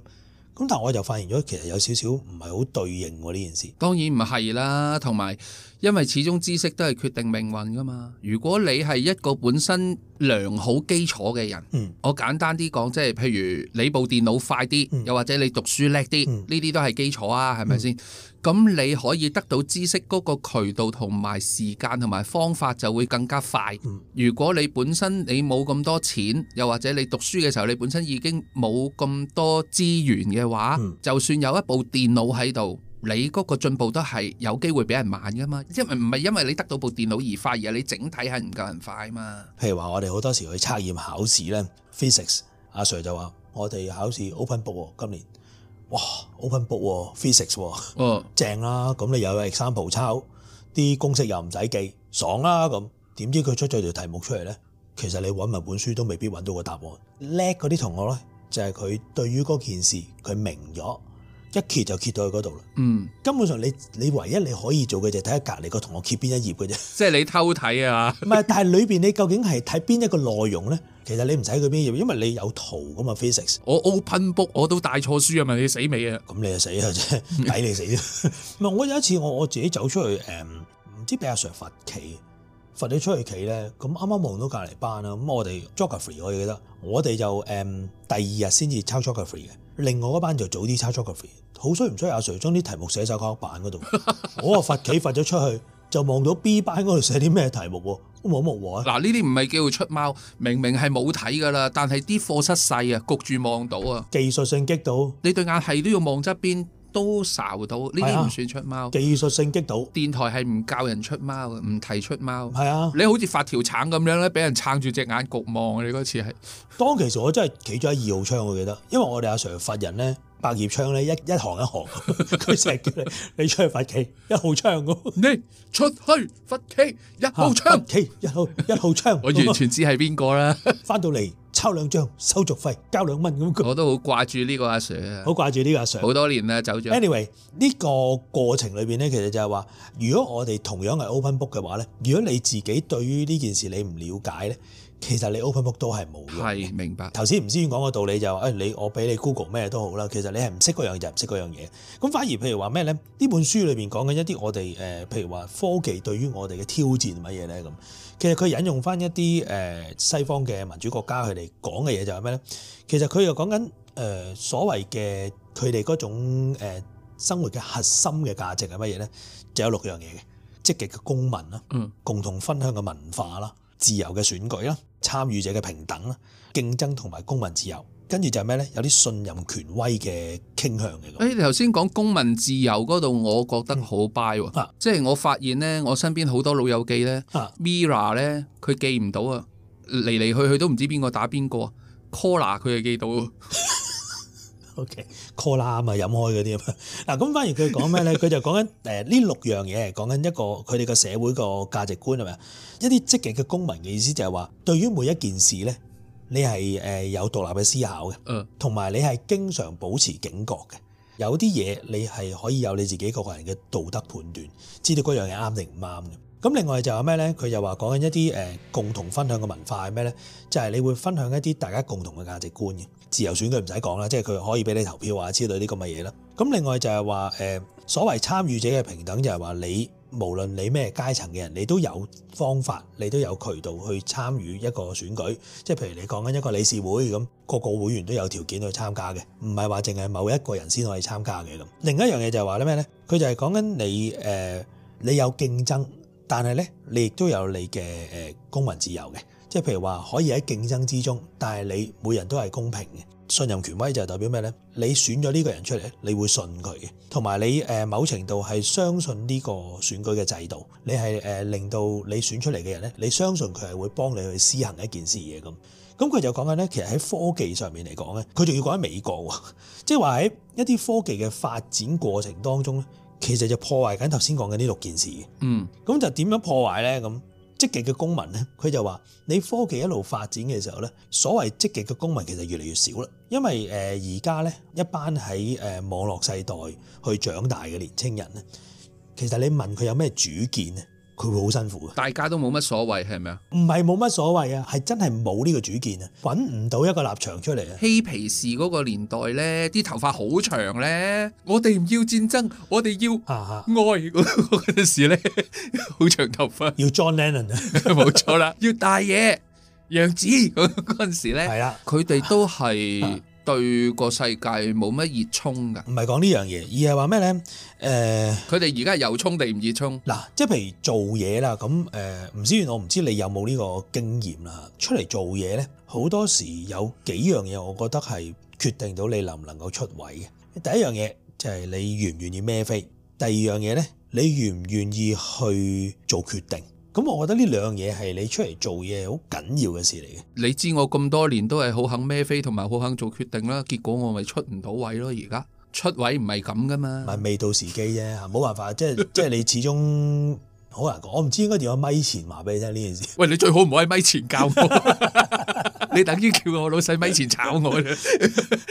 咁但係我就發現咗，其實有少少唔係好對應喎呢件事。當然唔係啦，同埋。因為始終知識都係決定命運噶嘛。如果你係一個本身良好基礎嘅人，嗯、我簡單啲講，即係譬如你部電腦快啲，嗯、又或者你讀書叻啲，呢啲、嗯、都係基礎啊，係咪先？咁、嗯、你可以得到知識嗰個渠道同埋時間同埋方法就會更加快。嗯、如果你本身你冇咁多錢，又或者你讀書嘅時候你本身已經冇咁多資源嘅話，嗯嗯、就算有一部電腦喺度。你嗰個進步都係有機會比人慢噶嘛？因為唔係因為你得到部電腦而快，而係你整體係唔夠人快啊嘛。譬如話，我哋好多時去測驗考試咧，physics，阿 Sir 就話：我哋考試 open book 喎，今年，哇，open book 喎，physics 喎、哦，嗯、啊，正啦，咁你又有 example 抄，啲公式又唔使記，爽啦、啊、咁。點知佢出咗條題目出嚟咧？其實你揾埋本書都未必揾到個答案。叻嗰啲同學咧，就係、是、佢對於嗰件事佢明咗。一揭就揭到去嗰度啦。嗯，根本上你你唯一你可以做嘅就睇下隔籬個同學揭邊一頁嘅啫。即係你偷睇啊嘛。唔係，但係裏邊你究竟係睇邊一個內容咧？其實你唔使佢邊頁，因為你有圖噶嘛、啊。Physics，我 open book 我都帶錯書啊嘛，你死未啊？咁你就死啊啫，抵你死啦。唔係，我有一次我我自己走出去，誒，唔知俾阿 Sir 罰企，罰你出去企咧。咁啱啱望到隔籬班啦，咁我哋 geography，我記得我哋就誒、um, 第二日先至抄 geography 嘅。另外嗰班就早啲抄 topography，好衰唔衰阿 Sir 將啲題目寫晒喺黑板嗰度， <laughs> 我個罰企罰咗出去，就望到 B 班嗰度寫啲咩題目喎，冇冇啊？嗱呢啲唔係叫做出貓，明明係冇睇㗎喇，但係啲課室細啊，焗住望到啊，技術性激到你對眼係都要望側邊。都哨到，呢啲唔算出貓，技術性擊倒。電台係唔教人出貓嘅，唔提出貓。係啊的，你好似發條橙咁樣咧，俾人撐住隻眼焗望你嗰次係。當其實我真係企咗喺二號窗，我記得，因為我哋阿 Sir 罰人咧，百葉窗咧一一行一行，佢成日叫你你出去罰企，一號窗。你出去罰企一號窗，企一 <laughs> <noise> 號一、啊、號窗，號 <laughs> 我完全知係邊個啦。翻到嚟。抽兩張手續費，交兩蚊咁。我都好掛住呢個阿 Sir，好掛住呢個阿 Sir。好多年啦，走咗。Anyway，呢個過程裏邊咧，其實就係話，如果我哋同樣係 open book 嘅話咧，如果你自己對於呢件事你唔了解咧，其實你 open book 都係冇用。係，明白。頭先吳師兄講嘅道理就話、是，誒，你我俾你 Google 咩都好啦，其實你係唔識嗰樣就唔識嗰樣嘢。咁反而譬如話咩咧？呢本書裏邊講緊一啲我哋誒、呃，譬如話科技對於我哋嘅挑戰乜嘢咧咁。其實佢引用翻一啲誒西方嘅民主國家佢哋講嘅嘢就係咩咧？其實佢又講緊誒所謂嘅佢哋嗰種誒生活嘅核心嘅價值係乜嘢咧？就有六樣嘢嘅積極嘅公民啦，嗯，共同分享嘅文化啦，自由嘅選舉啦，參與者嘅平等啦，競爭同埋公民自由。跟住就係咩咧？有啲信任權威嘅傾向嘅。誒、哎，你頭先講公民自由嗰度，我覺得好 buy 喎。啊，即係我發現咧，我身邊好多老友記咧，Mira 咧，佢記唔到啊，嚟嚟去去都唔知邊個打邊個。Caller 佢就記到。 <laughs> o、okay, Caller 啊嘛，飲開嗰啲啊嘛。嗱，咁反而佢講咩咧？佢 <laughs> 就講緊誒呢六樣嘢，講緊一個佢哋嘅社會個價值觀係咪啊？一啲積極嘅公民嘅意思就係話，對於每一件事咧。你係誒有獨立嘅思考嘅，嗯，同埋你係經常保持警覺嘅。有啲嘢你係可以有你自己個個人嘅道德判斷，知道嗰樣嘢啱定唔啱嘅。咁另外就係咩咧？佢又話講緊一啲誒共同分享嘅文化係咩咧？就係你會分享一啲大家共同嘅價值觀嘅。自由選舉唔使講啦，即係佢可以俾你投票啊之類啲咁嘅嘢啦。咁另外就係話誒所謂參與者嘅平等就係話你。無論你咩階層嘅人，你都有方法，你都有渠道去參與一個選舉。即係譬如你講緊一個理事會咁，個個會員都有條件去參加嘅，唔係話淨係某一個人先可以參加嘅咁。另一樣嘢就係話咧咩咧，佢就係講緊你誒、呃，你有競爭，但係咧你亦都有你嘅誒公民自由嘅。即係譬如話可以喺競爭之中，但係你每人都係公平嘅。信任權威就代表咩咧？你選咗呢個人出嚟，你會信佢嘅，同埋你誒某程度係相信呢個選舉嘅制度。你係誒令到你選出嚟嘅人咧，你相信佢係會幫你去施行一件事嘅。咁。咁佢就講緊咧，其實喺科技上面嚟講咧，佢仲要講喺美國喎，即係話喺一啲科技嘅發展過程當中咧，其實就破壞緊頭先講嘅呢六件事。嗯，咁就點樣破壞咧？咁、嗯？積極嘅公民呢，佢就話：你科技一路發展嘅時候呢，所謂積極嘅公民其實越嚟越少啦。因為誒而家呢，一班喺誒網絡世代去長大嘅年青人呢，其實你問佢有咩主見呢？佢會好辛苦嘅，大家都冇乜所謂，係咪啊？唔係冇乜所謂啊，係真係冇呢個主見啊，揾唔到一個立場出嚟啊！嬉皮士嗰個年代咧，啲頭髮好長咧，我哋唔要戰爭，我哋要愛嗰陣時咧，好、啊、 <laughs> 長頭髮，要 John Lennon，冇 <laughs> <laughs> 錯啦，要大野洋子嗰陣時咧，係啦了，佢哋都係。啊啊對個世界冇乜熱衷㗎，唔係講呢樣嘢，而係話咩呢？誒、呃，佢哋而家係有衝定唔熱衷。嗱，即係譬如做嘢啦咁誒。思遠，我唔知你有冇呢個經驗啦。出嚟做嘢呢，好多時有幾樣嘢，我覺得係決定到你能唔能夠出位嘅。第一樣嘢就係、是、你願唔願意孭飛，第二樣嘢呢，你願唔願意去做決定。咁，我覺得呢兩樣嘢係你出嚟做嘢好緊要嘅事嚟嘅。你知我咁多年都係好肯孭飛，同埋好肯做決定啦。結果我咪出唔到位咯。而家出位唔係咁噶嘛，咪未到時機啫。冇辦法， <laughs> 即係即係你始終好難講。我唔知應該點解咪前話俾你聽呢件事。喂，你最好唔可以咪前教我， <laughs> <laughs> <laughs> 你等於叫我老細咪前炒我， <laughs> 你我。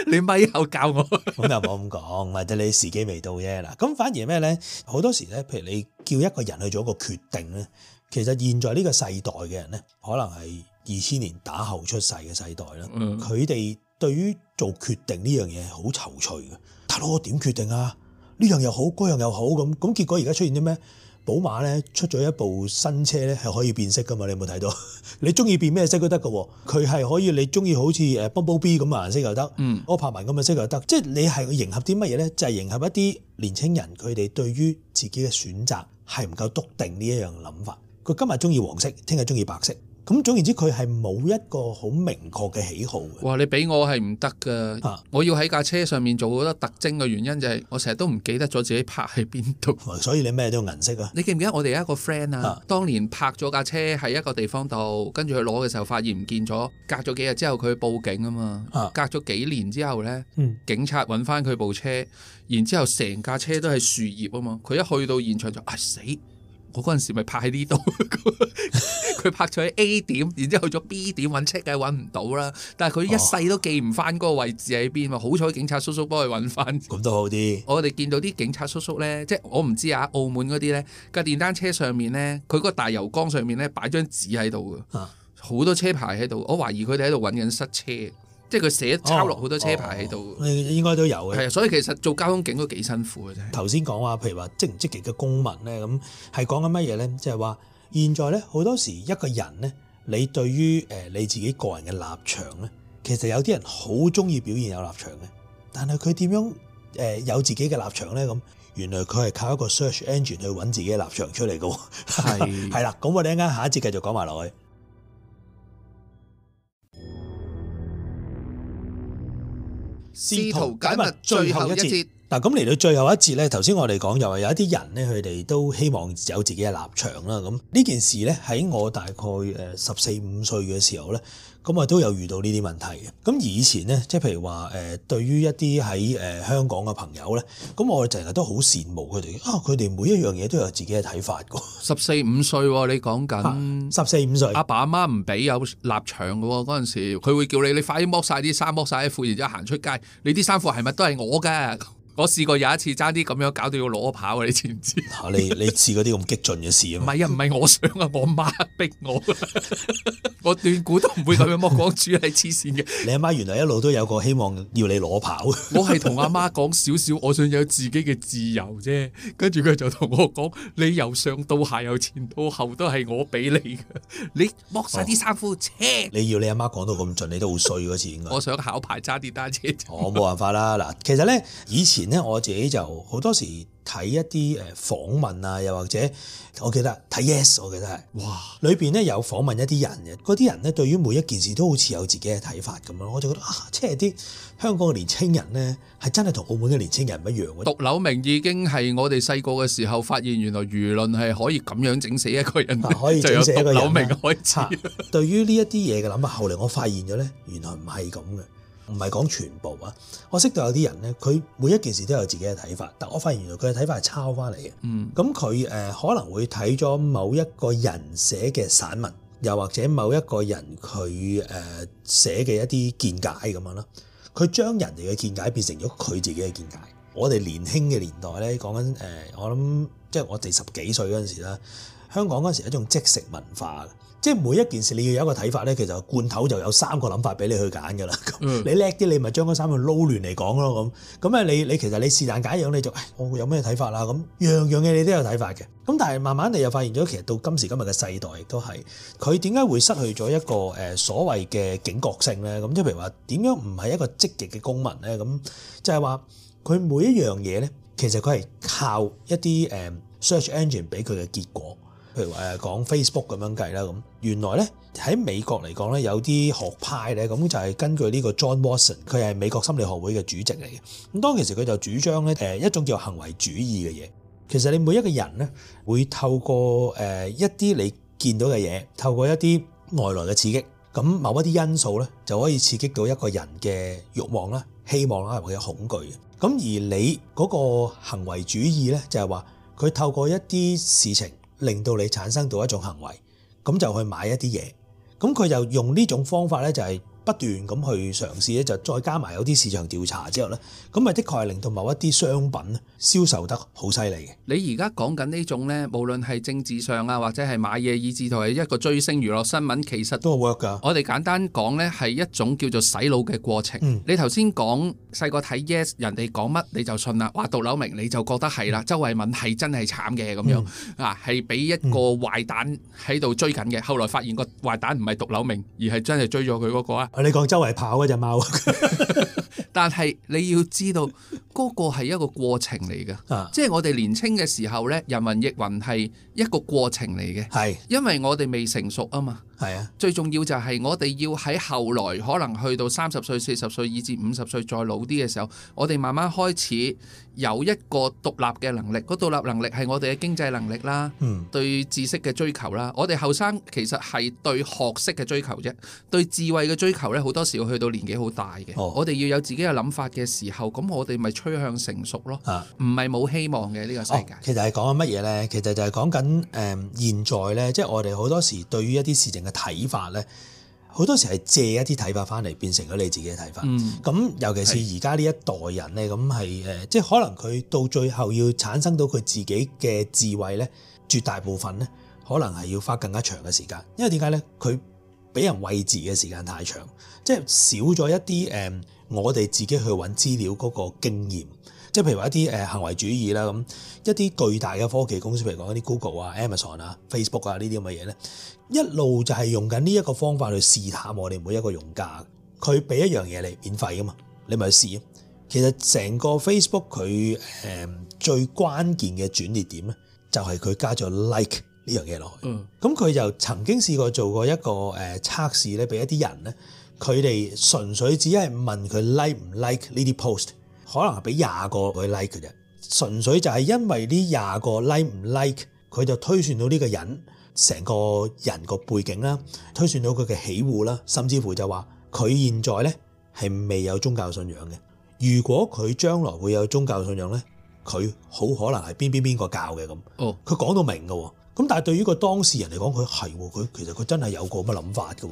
<laughs> 你咪後教我咁又冇咁講，咪得你時機未到啫。嗱，咁反而咩咧？好多時咧，譬如你叫一個人去做一個決定咧。其實現在呢個世代嘅人咧，可能係二千年打後出世嘅世代啦。佢哋、嗯、對於做決定呢樣嘢係好躊躇嘅。大佬我點決定啊？呢樣又好，嗰樣又好咁咁，結果而家出現啲咩？寶馬咧出咗一部新車咧係可以變色噶嘛？你有冇睇到？ <laughs> 你中意變咩色都得嘅。佢係可以，可以你中意好似誒 Bumblebee 咁嘅顏色又得，我拍埋咁嘅色又得。即係你係迎合啲乜嘢咧？就係、是、迎合一啲年青人佢哋對於自己嘅選擇係唔夠篤定呢一樣諗法。佢今日中意黃色，聽日中意白色，咁總言之，佢係冇一個好明確嘅喜好嘅。哇！你俾我係唔得㗎，啊、我要喺架車上面做好多特徵嘅原因就係我成日都唔記得咗自己泊喺邊度。所以你咩都銀色啊？你記唔記得我哋一個 friend 啊？啊當年泊咗架車喺一個地方度，跟住佢攞嘅時候發現唔見咗，隔咗幾日之後佢去報警啊嘛。啊隔咗幾年之後呢，嗯、警察揾翻佢部車，然之後成架車都係樹葉啊嘛。佢一去到現場就啊死。我嗰陣時咪拍喺呢度，佢 <laughs> 拍咗喺 A 點，然之後去咗 B 點揾車梗係揾唔到啦。但係佢一世都記唔翻嗰個位置喺邊，好彩警察叔叔幫佢揾翻。咁都好啲。我哋見到啲警察叔叔呢，即係我唔知啊，澳門嗰啲呢，架電單車上面呢，佢個大油缸上面呢，擺張紙喺度㗎，好、啊、多車牌喺度，我懷疑佢哋喺度揾緊失車。即係佢寫抄落好多車牌喺度。哦哦，應該都有嘅。係啊，所以其實做交通警都幾辛苦嘅啫。頭先講話，譬如話積唔積極嘅公民咧，咁係講緊乜嘢咧？即係話現在咧好多時一個人咧，你對於誒你自己個人嘅立場咧，其實有啲人好中意表現有立場嘅，但係佢點樣誒有自己嘅立場咧？咁原來佢係靠一個 search engine 去揾自己嘅立場出嚟嘅。係係啦，咁 <laughs> 我哋一陣間下一節繼續講埋落去。試圖解密最後一節。嗱，咁嚟到最後一節咧，頭先我哋講又係有一啲人咧，佢哋都希望有自己嘅立場啦。咁呢件事咧，喺我大概誒十四五歲嘅時候咧。咁啊都有遇到呢啲問題嘅，咁以前咧，即係譬如話誒，對於一啲喺誒香港嘅朋友咧，咁我哋成日都好羨慕佢哋啊，佢哋每一樣嘢都有自己嘅睇法嘅，啊。十四五歲，你講緊十四五歲，阿爸阿媽唔俾有立場嘅喎，嗰陣時佢會叫你，你快啲剝晒啲衫剝晒啲褲，然之後行出街，你啲衫褲係咪都係我嘅？我試過有一次爭啲咁樣搞到要攞跑，啊，你知唔知？吓你你試過啲咁激進嘅事啊！唔係唔係，我想啊，我阿媽逼我， <laughs> 我斷估都唔會咁樣剝光豬係黐線嘅。 <laughs> 你阿媽，媽原來一路都有個希望要你攞跑。 <laughs> 我係同阿媽講少少，我想有自己嘅自由啫。跟住佢就同我講，你由上到下，由前到後都係我俾你嘅。你剝晒啲衫褲車。你要你阿媽講到咁盡，你都好衰嗰次應 <laughs> <laughs> 我想考牌揸電單車。我冇辦法啦嗱，其實咧以前。咧我自己就好多時睇一啲誒訪問啊，又或者我記得睇 Yes，我記得係哇，裏邊咧有訪問一啲人嘅，嗰啲人咧對於每一件事都好似有自己嘅睇法咁樣，我就覺得啊，即係啲香港嘅年輕人咧係真係同澳門嘅年輕人唔一樣嘅。毒瘤名已經係我哋細個嘅時候發現，原來輿論係可以咁樣整死一個人，啊、可以整死一個人就有毒瘤名可以擦。對於呢一啲嘢嘅諗法，後嚟我發現咗咧，原來唔係咁嘅。唔係講全部啊！我識到有啲人咧，佢每一件事都有自己嘅睇法，但我發現原來佢嘅睇法係抄翻嚟嘅。嗯，咁佢誒可能會睇咗某一個人寫嘅散文，又或者某一個人佢誒寫嘅一啲見解咁樣啦，佢將人哋嘅見解變成咗佢自己嘅見解。我哋年輕嘅年代咧，講緊誒，我諗即係我哋十幾歲嗰陣時啦，香港嗰陣時係一種即食文化。即係每一件事你要有一個睇法咧，其實罐頭就有三個諗法俾你去揀嘅啦。你叻啲，你咪將嗰三個撈亂嚟講咯。咁咁咧，你你其實你試但解樣，你就誒，我有咩睇法啦。咁樣樣嘢你都有睇法嘅。咁但係慢慢地又發現咗，其實到今時今日嘅世代亦都係佢點解會失去咗一個誒所謂嘅警覺性咧？咁即係譬如話點樣唔係一個積極嘅公民咧？咁就係話佢每一樣嘢咧，其實佢係靠一啲誒 search engine 俾佢嘅結果。譬如誒講 Facebook 咁樣計啦，咁原來咧喺美國嚟講咧，有啲學派咧，咁就係根據呢個 John Watson，佢係美國心理學會嘅主席嚟嘅。咁當其時佢就主張咧，誒一種叫行為主義嘅嘢。其實你每一個人咧，會透過誒一啲你見到嘅嘢，透過一啲外來嘅刺激，咁某一啲因素咧就可以刺激到一個人嘅欲望啦、希望啦，或者恐懼嘅。咁而你嗰個行為主義咧，就係話佢透過一啲事情。令到你產生到一種行為，咁就去買一啲嘢，咁佢就用呢種方法咧，就係、是。不斷咁去嘗試咧，就再加埋有啲市場調查之後呢咁咪的確係令到某一啲商品銷售得好犀利嘅。你而家講緊呢種呢，無論係政治上啊，或者係買嘢，以至到係一個追星娛樂新聞，其實都 work 㗎。我哋簡單講呢，係一種叫做洗腦嘅過程。嗯、你頭先講細個睇 Yes，人哋講乜你就信啦，話杜柳明你就覺得係啦，嗯、周慧敏係真係慘嘅咁樣啊，係俾、嗯、一個壞蛋喺度追緊嘅。後來發現個壞蛋唔係杜柳明，而係真係追咗佢嗰個啊。你講周圍跑嗰隻貓， <laughs> 但係你要知道嗰個係一個過程嚟嘅，啊、即係我哋年青嘅時候呢，人云亦云係一個過程嚟嘅，係是因為我哋未成熟啊嘛，係啊，最重要就係我哋要喺後來可能去到三十歲、四十歲，歲、以至五十歲再老啲嘅時候，我哋慢慢開始有一個獨立嘅能力，嗰個獨立能力係我哋嘅經濟能力啦，嗯，對知識嘅追求啦，我哋後生其實係對學識嘅追求啫，對智慧嘅追求。好多時去到年紀好大嘅，哦、我哋要有自己嘅諗法嘅時候，咁我哋咪趨向成熟咯。啊，唔係冇希望嘅呢、這個世界。哦、其實係講緊乜嘢咧？其實就係講緊誒，現在咧，即係我哋好多時對於一啲事情嘅睇法咧，好多時係借一啲睇法翻嚟，變成咗你自己嘅睇法。嗯，咁尤其是而家呢一代人咧，咁係誒，即係可能佢到最後要產生到佢自己嘅智慧咧，絕大部分咧，可能係要花更加長嘅時間。因為點解咧？佢俾人喂字嘅時間太長，即係少咗一啲誒，我哋自己去揾資料嗰個經驗。即係譬如話一啲誒行為主義啦，咁一啲巨大嘅科技公司，譬如講啲 Google 啊、Amazon 啊、Facebook 啊呢啲咁嘅嘢呢，一路就係用緊呢一個方法去試探我哋每一個用家。佢俾一樣嘢嚟免費噶嘛，你咪去試啊。其實成個 Facebook 佢誒最關鍵嘅轉捩點呢，就係佢加咗 Like。呢樣嘢落去，咁佢、嗯、就曾經試過做過一個誒、呃、測試咧，俾一啲人咧，佢哋純粹只係問佢 like 唔 like 呢啲 post，可能係俾廿個佢 like 嘅啫，純粹就係因為呢廿個 like 唔 like，佢就推算到呢個人成個人個背景啦，推算到佢嘅喜惡啦，甚至乎就話佢現在咧係未有宗教信仰嘅，如果佢將來會有宗教信仰咧，佢好可能係邊邊邊個教嘅咁。哦，佢講到明㗎喎。咁但係對於個當事人嚟講，佢係佢其實佢真係有個咁嘅諗法嘅喎。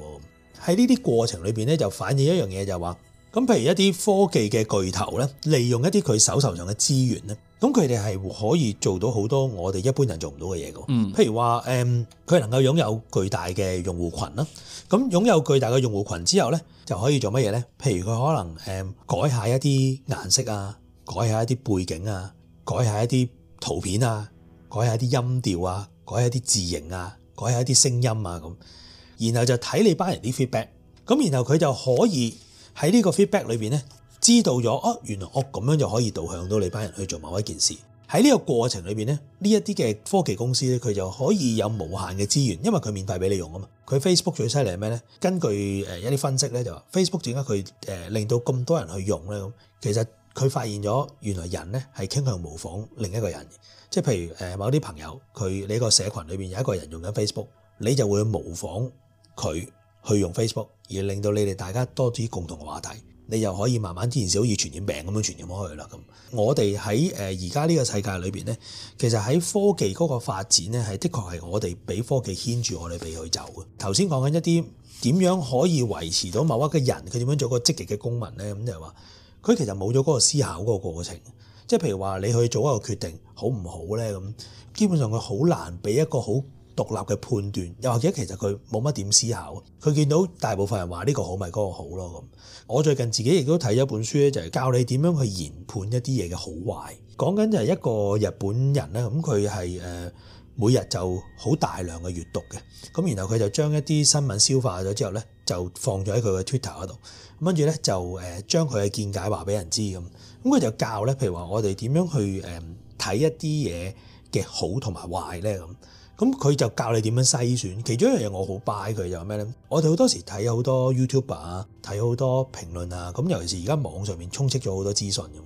喺呢啲過程裏邊咧，就反映一樣嘢、就係，就係話，咁譬如一啲科技嘅巨頭咧，利用一啲佢手頭上嘅資源咧，咁佢哋係可以做到好多我哋一般人做唔到嘅嘢嘅。譬如話誒，佢、嗯、能夠擁有巨大嘅用戶群啦。咁擁有巨大嘅用戶群之後咧，就可以做乜嘢咧？譬如佢可能誒、嗯、改下一啲顏色啊，改下一啲背景啊，改下一啲圖片啊，改下一啲音調啊。改一啲字形啊，改一啲聲音啊咁，然後就睇你班人啲 feedback，咁然後佢就可以喺呢個 feedback 裏邊咧，知道咗哦，原來哦，咁樣就可以導向到你班人去做某一件事。喺呢個過程裏邊咧，呢一啲嘅科技公司咧，佢就可以有無限嘅資源，因為佢免費俾你用啊嘛。佢 Facebook 最犀利係咩咧？根據誒一啲分析咧，就話 Facebook 點解佢誒、呃、令到咁多人去用咧咁，其實佢發現咗原來人咧係傾向模仿另一個人。即係譬如誒某啲朋友，佢呢個社群裏邊有一個人用緊 Facebook，你就會模仿佢去用 Facebook，而令到你哋大家多啲共同嘅話題，你又可以慢慢天啲，好似傳染病咁樣傳染開去啦。咁我哋喺誒而家呢個世界裏邊咧，其實喺科技嗰個發展咧，係的確係我哋俾科技牽住我哋俾佢走嘅。頭先講緊一啲點樣可以維持到某一個人佢點樣做個積極嘅公民咧，咁就係話，佢其實冇咗嗰個思考嗰個過程。即係譬如話你去做一個決定好唔好咧咁，基本上佢好難俾一個好獨立嘅判斷，又或者其實佢冇乜點思考，佢見到大部分人話呢個好，咪嗰個好咯咁。我最近自己亦都睇咗一本書咧，就係教你點樣去研判一啲嘢嘅好壞，講緊就係一個日本人咧，咁佢係誒每日就好大量嘅閱讀嘅，咁然後佢就將一啲新聞消化咗之後咧，就放咗喺佢嘅 Twitter 嗰度，跟住咧就誒將佢嘅見解話俾人知咁。咁佢就教咧，譬如話我哋點樣去誒睇、嗯、一啲嘢嘅好同埋壞咧咁。咁佢就教你點樣篩選。其中一樣嘢我好拜佢就係咩咧？我哋好多時睇好多 YouTuber 啊，睇好多評論啊。咁尤其是而家網上面充斥咗好多資訊咁。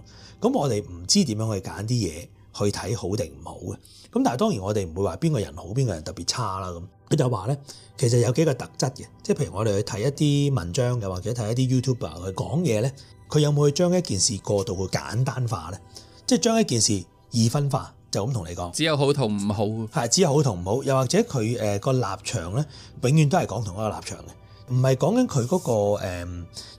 咁我哋唔知點樣去揀啲嘢去睇好定唔好嘅。咁但係當然我哋唔會話邊個人好，邊個人特別差啦咁。佢就話咧，其實有幾個特質嘅，即係譬如我哋去睇一啲文章，又或者睇一啲 YouTuber 佢講嘢咧。佢有冇去將一件事過度去簡單化咧？即係將一件事二分化，就咁同你講，只有好同唔好，係只有好同唔好。又或者佢誒個立場咧，永遠都係講同一個立場嘅，唔係講緊佢嗰個、呃、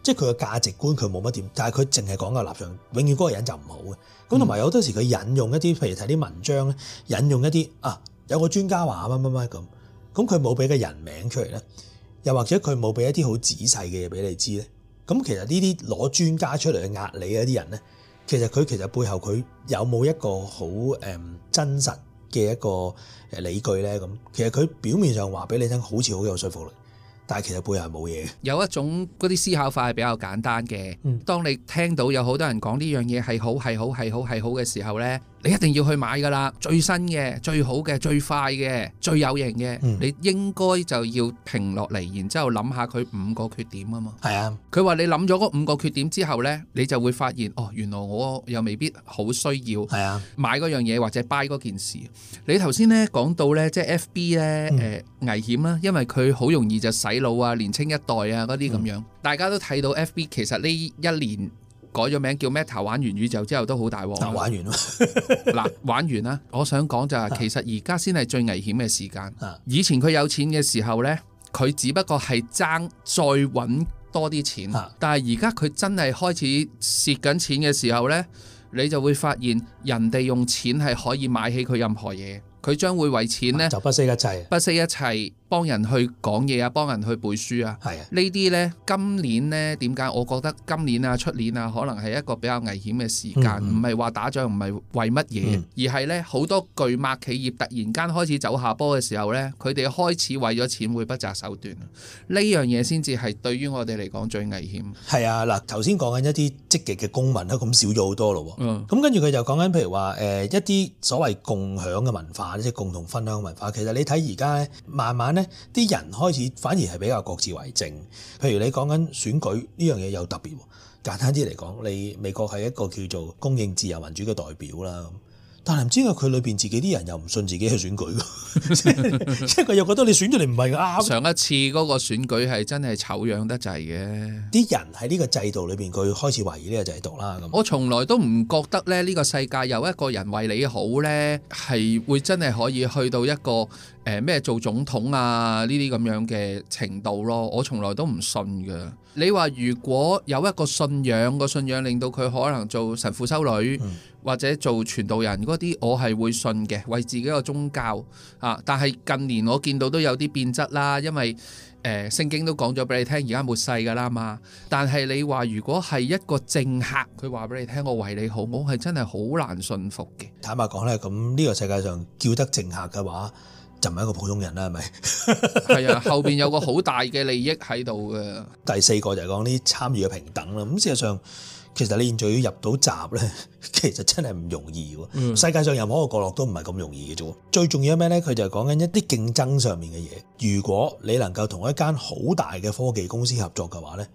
即係佢個價值觀佢冇乜點，但係佢淨係講個立場，永遠嗰個人就唔好嘅。咁同埋有好多時佢引用一啲，譬如睇啲文章咧，引用一啲啊，有個專家話乜乜乜咁，咁佢冇俾個人名出嚟咧，又或者佢冇俾一啲好仔細嘅嘢俾你知咧。咁其實呢啲攞專家出嚟去壓你嗰啲人呢，其實佢其實背後佢有冇一個好誒真實嘅一個誒理據呢？咁其實佢表面上話俾你聽，好似好有說服力，但係其實背後係冇嘢嘅。有一種嗰啲思考法係比較簡單嘅。嗯。當你聽到有好多人講呢樣嘢係好係好係好係好嘅時候呢，你一定要去買㗎喇，最新嘅、最好嘅、最快嘅、最有型嘅，嗯、你應該就要停落嚟，然之後諗下佢五個缺點啊嘛。係啊，佢話你諗咗嗰五個缺點之後呢，你就會發現哦，原來我又未必好需要。係啊，買嗰樣嘢或者 buy 嗰件事。你頭先呢講到呢，即係 FB 呢誒危險啦，因為佢好容易就洗腦啊，年青一代啊嗰啲咁樣。嗯、大家都睇到 FB 其實呢一年。改咗名叫 Meta，玩完宇宙之後都好大鑊。玩完啦。 <laughs> 我想講就係其實而家先係最危險嘅時間。以前佢有錢嘅時候呢，佢只不過係爭再揾多啲錢。但係而家佢真係開始蝕緊錢嘅時候呢，你就會發現人哋用錢係可以買起佢任何嘢。佢將會為錢咧，就不惜一切，不惜一切。幫人去講嘢啊，幫人去背書啊，係啊的，呢啲呢，今年呢，點解？我覺得今年啊出年啊，可能係一個比較危險嘅時間，唔係話打仗，唔係為乜嘢，而係呢，好多巨擘企業突然間開始走下坡嘅時候呢，佢哋開始為咗錢會不擇手段，呢樣嘢先至係對於我哋嚟講最危險。係啊，嗱頭先講緊一啲積極嘅公民都咁少咗好多咯，嗯，咁跟住佢就講緊譬如話誒一啲所謂共享嘅文化，即係共同分享文化，其實你睇而家慢慢。啲人開始反而係比較各自為政。譬如你講緊選舉呢樣嘢有特別，簡單啲嚟講，你美國係一個叫做公認自由民主嘅代表啦。但係唔知點解佢裏邊自己啲人又唔信自己嘅選舉， <laughs> 即係佢又覺得你選咗，你唔係啱。上一次嗰個選舉係真係醜樣得滯嘅。啲人喺呢個制度裏邊，佢開始懷疑呢個制度啦。咁我從來都唔覺得咧，呢個世界有一個人為你好咧，係會真係可以去到一個。誒咩、呃、做總統啊？呢啲咁樣嘅程度咯，我從來都唔信嘅。你話如果有一個信仰，個信仰令到佢可能做神父修女，或者做傳道人嗰啲，我係會信嘅，為自己個宗教啊。但係近年我見到都有啲變質啦，因為誒聖、呃、經都講咗俾你聽，而家末世噶啦嘛。但係你話如果係一個政客，佢話俾你聽我為你好，唔好，係真係好難信服嘅。坦白講咧，咁呢個世界上叫得政客嘅話，就唔係一個普通人啦，係咪？係 <laughs> 啊，後邊有個好大嘅利益喺度嘅。第四個就係講啲參與嘅平等啦。咁事實上，其實你現在要入到閘咧，其實真係唔容易喎。世界上任何一個角落都唔係咁容易嘅啫。最重要咩咧？佢就係講緊一啲競爭上面嘅嘢。如果你能夠同一間好大嘅科技公司合作嘅話咧，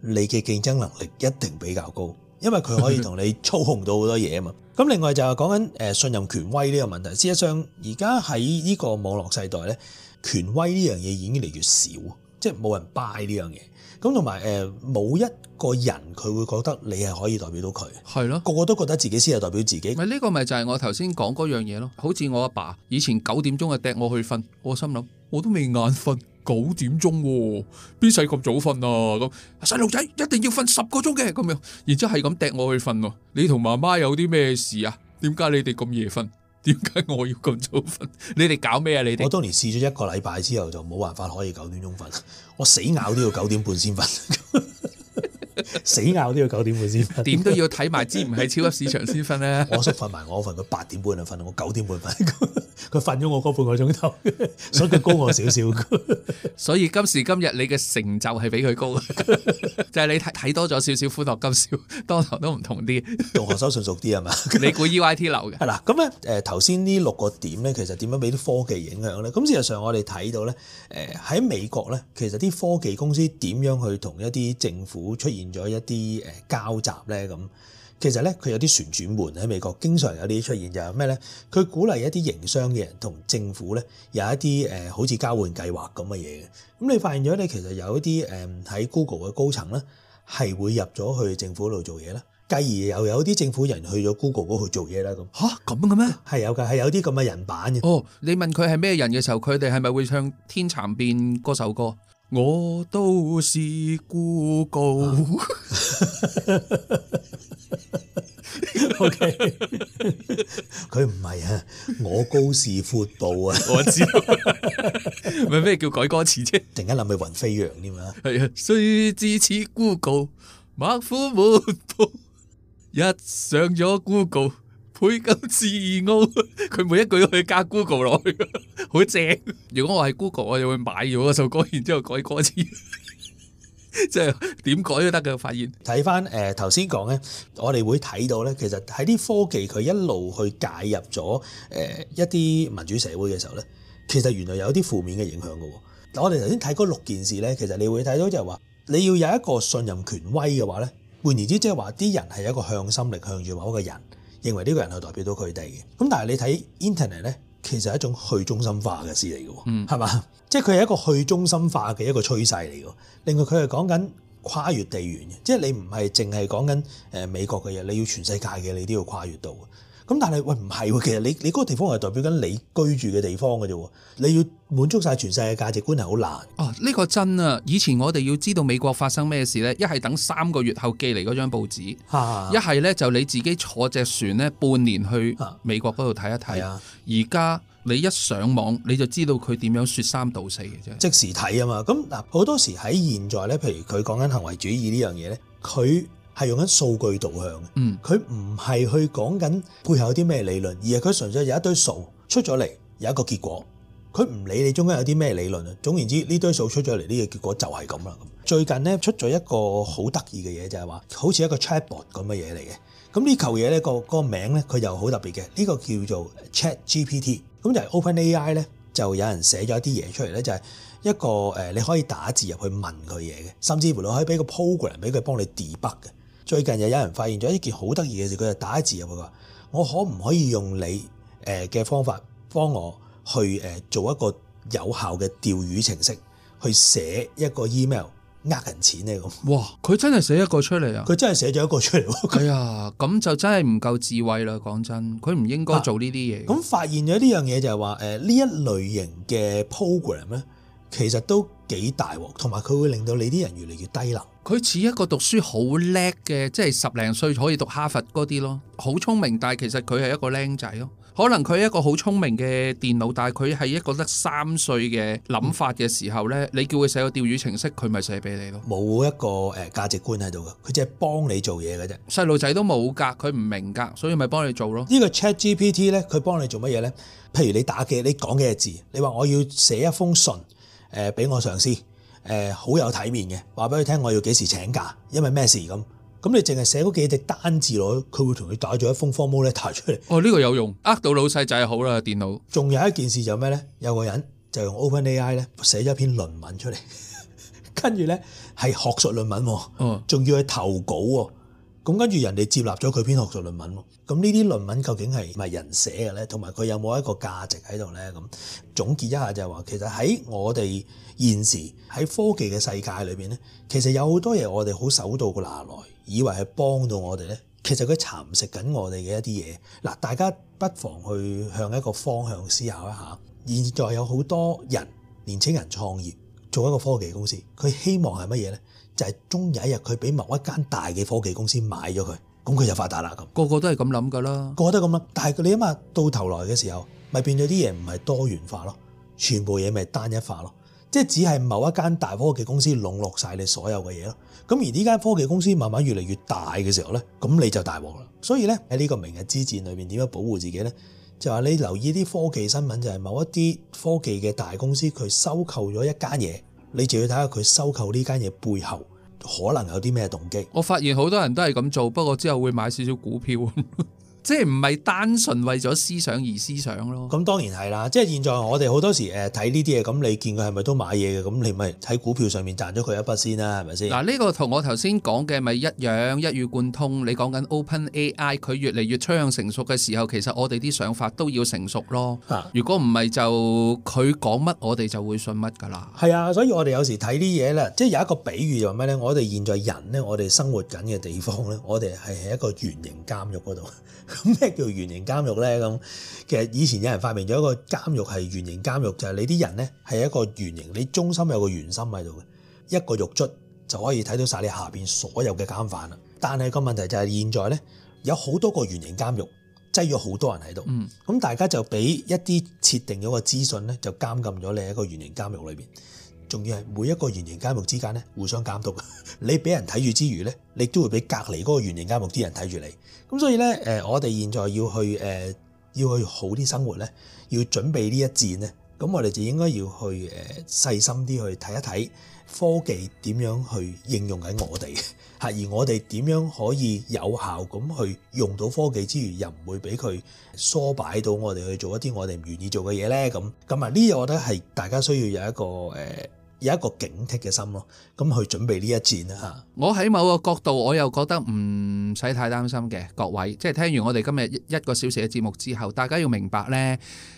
你嘅競爭能力一定比較高。 <laughs> 因為佢可以同你操控到好多嘢啊嘛，咁另外就係講緊誒信任權威呢個問題。事實上而家喺呢個網絡世代咧，權威呢樣嘢已經越嚟越少，即係冇人 buy 呢樣嘢。咁同埋誒冇一個人佢會覺得你係可以代表到佢。係咯的，個個都覺得自己先係代表自己。呢、呢個咪就係我頭先講嗰樣嘢咯。好似我阿爸、爸以前九點鐘就掟我去瞓，我心諗我都未眼瞓！ <laughs> 九點鐘，邊使咁早瞓啊？咁細路仔一定要瞓十個鐘嘅咁樣，然之後係咁掟我去瞓咯啊。你同媽媽有啲咩事啊？點解你哋咁夜瞓？點解我要咁早瞓？你哋搞咩啊？你哋？我當年試咗一個禮拜之後就冇辦法可以九點鐘瞓，我死咬都要九點半先瞓。 <laughs> 死拗都要九點半先瞓，點都要睇埋支唔係超級市場先瞓咧。我叔瞓埋我瞓，佢八點半就瞓啦，我九點半瞓，佢瞓咗我嗰半個鐘頭，所以佢高我少少。 <laughs> 所以今時今日你嘅成就係比佢高， <laughs> 就係你睇睇多咗少少歡樂今宵，多頭都唔同啲，同學手成熟啲啊嘛。 <laughs> 你估 EYT 流嘅？係啦，咁咧誒頭先呢六個點咧，其實點樣俾啲科技影響咧？咁事實上我哋睇到咧，誒喺美國咧，其實啲科技公司點樣去同一啲政府出現？咗一啲誒交集咧咁，其實咧佢有啲旋轉門喺美國，經常有啲出現，就係咩咧？佢鼓勵一啲營商嘅人同政府咧有一啲誒好似交換計劃咁嘅嘢嘅。咁你發現咗你其實有一啲誒喺 Google 嘅高層咧係會入咗去政府度做嘢啦。繼而又有啲政府人去咗 Google 嗰度做嘢啦。咁嚇咁嘅咩？係有嘅，係有啲咁嘅人版嘅。哦，你問佢係咩人嘅時候，佢哋係咪會唱《天蠶變》嗰首歌？我都是 Google，OK，佢唔係啊，我高是闊步啊， <laughs> 我知道，咪 <laughs> 咩叫改歌詞啫？突然間諗起雲飛揚添 <laughs> 啊，係啊，雖知此 Google，馬虎滿布，一上咗 Google。會咁自傲，佢 <music> 每一句都可以加 Google 落去，好 <laughs> 正。 <music> 如果我係 Google，我就會買咗首歌，然之後改歌詞，即係點改都得嘅。發現睇翻，誒，頭先講咧，我哋會睇到咧，其實喺啲科技佢一路去介入咗誒、呃、一啲民主社會嘅時候咧，其實原來有啲負面嘅影響嘅。嗱，我哋頭先睇嗰六件事咧，其實你會睇到就係話，你要有一個信任權威嘅話咧，換言之，即係話啲人係有一個向心力向住某一個人。認為呢個人係代表到佢哋嘅。咁，但係你睇 internet 咧，其實係一種去中心化嘅事嚟嘅，嗯，係嘛？即係佢係一個去中心化嘅一個趨勢嚟嘅。另外，佢係講緊跨越地緣嘅，即係你唔係淨係講緊誒美國嘅嘢，你要全世界嘅，你都要跨越到。咁但係喂唔係喎，其實你你嗰個地方係代表緊你居住嘅地方嘅啫，你要滿足晒全世界價值觀係好難。哦、啊，呢、呢個真啊！以前我哋要知道美國發生咩事呢？一係等三個月後寄嚟嗰張報紙，一係呢就你自己坐隻船呢半年去美國嗰度睇一睇。啊，而家你一上網你就知道佢點樣説三道四嘅啫。即時睇啊嘛！咁嗱，好多時喺現在呢，譬如佢講緊行為主義呢樣嘢呢，佢。係用緊數據導向嘅，佢唔係去講緊背後有啲咩理論，而係佢純粹有一堆數出咗嚟有一個結果，佢唔理你中間有啲咩理論啊。總言之，呢堆數出咗嚟呢個結果就係咁啦。最近咧出咗一個好得意嘅嘢就係、是、話，好似一個 chatbot 咁嘅嘢嚟嘅。咁呢嚿嘢咧個個名咧佢又好特別嘅，呢、這個叫做 ChatGPT。咁就係 OpenAI 咧就有人寫咗一啲嘢出嚟咧，就係、是、一個誒你可以打字入去問佢嘢嘅，甚至乎你可以俾個 program 俾佢幫你 debug 嘅。最近又有人發現咗一件好得意嘅事，佢就打字入去話：我可唔可以用你誒嘅方法幫我去誒做一個有效嘅釣魚程式去寫一個 email 呃人錢咧咁。哇！佢真係寫一個出嚟啊！佢真係寫咗一個出嚟、啊。哎呀，咁就真係唔夠智慧啦！講真，佢唔應該做呢啲嘢。咁、啊、發現咗呢樣嘢就係話誒呢一類型嘅 program 咧，其實都幾大喎，同埋佢會令到你啲人越嚟越低能。佢似一個讀書好叻嘅，即係十零歲可以讀哈佛嗰啲咯，好聰明，但係其實佢係一個僆仔咯。可能佢一個好聰明嘅電腦，但係佢係一個得三歲嘅諗法嘅時候呢，嗯、你叫佢寫個釣魚程式，佢咪寫俾你咯。冇一個誒價、呃、值觀喺度噶，佢淨係幫你做嘢噶啫。細路仔都冇㗎，佢唔明㗎，所以咪幫你做咯。呢個 Chat GPT 呢，佢幫你做乜嘢呢？譬如你打嘅，你講嘅字，你話我要寫一封信，誒、呃、俾我上司。誒好、呃、有體面嘅，話俾佢聽我要幾時請假，因為咩事咁？咁你淨係寫嗰幾隻單字落去，佢會同佢打咗一封 formula 彈出嚟。哦，呢、呢個有用，呃到老細仔好啦，電腦。仲有一件事就咩咧？有個人就用 OpenAI 咧寫咗一篇論文出嚟，跟住咧係學術論文，嗯，仲要去投稿喎。嗯嗯咁跟住人哋接納咗佢篇學術論文，咁呢啲論文究竟係咪人寫嘅呢？同埋佢有冇一個價值喺度呢？咁總結一下就係話，其實喺我哋現時喺科技嘅世界裏邊呢，其實有好多嘢我哋好手到拿來，以為係幫到我哋呢，其實佢蠶食緊我哋嘅一啲嘢。嗱，大家不妨去向一個方向思考一下。現在有好多人年青人創業，做一個科技公司，佢希望係乜嘢呢？就係終有一日，佢俾某一間大嘅科技公司買咗佢，咁佢就發達啦。咁個個都係咁諗噶啦，個個都咁諗。但係你諗下，到頭來嘅時候，咪變咗啲嘢唔係多元化咯，全部嘢咪單一化咯。即係只係某一間大科技公司籠絡晒你所有嘅嘢咯。咁而呢間科技公司慢慢越嚟越大嘅時候呢，咁你就大鑊啦。所以呢，喺呢個明日之戰裏面點樣保護自己呢？就話你留意啲科技新聞，就係、是、某一啲科技嘅大公司佢收購咗一間嘢。你就要睇下佢收購呢間嘢背後可能有啲咩動機？我發現好多人都係咁做，不過之後會買少少股票。 <laughs> 即係唔係單純為咗思想而思想咯？咁、嗯、當然係啦！即係現在我哋好多時誒睇呢啲嘢，咁、呃嗯、你見佢係咪都買嘢嘅？咁、嗯、你咪喺股票上面賺咗佢一筆先啦、啊，係咪先？嗱，呢個同我頭先講嘅咪一樣一語貫通。你講緊 Open AI，佢越嚟越趨向成熟嘅時候，其實我哋啲想法都要成熟咯。啊、如果唔係就佢講乜，我哋就會信乜㗎啦。係啊，所以我哋有時睇啲嘢咧，即係有一個比喻就係咩咧？我哋現在人咧，我哋生活緊嘅地方咧，我哋係喺一個圓形監獄嗰度。咩 <laughs> 叫圓形監獄呢？咁其實以前有人發明咗一個監獄係圓形監獄，就係、是、你啲人呢係一個圓形，你中心有個圓心喺度嘅，一個獄卒就可以睇到晒你下邊所有嘅監犯啦。但係個問題就係現在呢，有好多個圓形監獄擠咗好多人喺度，咁大家就俾一啲設定咗個資訊呢就監禁咗你喺個圓形監獄裏邊。仲要係每一個圓形監獄之間咧，互相監督 <laughs> 你，你俾人睇住之餘咧，你亦都會俾隔離嗰個圓形監獄啲人睇住你。咁所以咧，誒、呃、我哋現在要去誒、呃、要去好啲生活咧，要準備呢一戰咧，咁我哋就應該要去誒、呃、細心啲去睇一睇科技點樣去應用喺我哋嚇，而我哋點樣可以有效咁去用到科技之餘，又唔會俾佢梳擺到我哋去做一啲我哋唔願意做嘅嘢咧？咁咁啊呢樣我覺得係大家需要有一個誒。呃有一個警惕嘅心咯，咁去準備呢一戰啦。我喺某個角度，我又覺得唔使太擔心嘅，各位。即係聽完我哋今日一個小時嘅節目之後，大家要明白呢：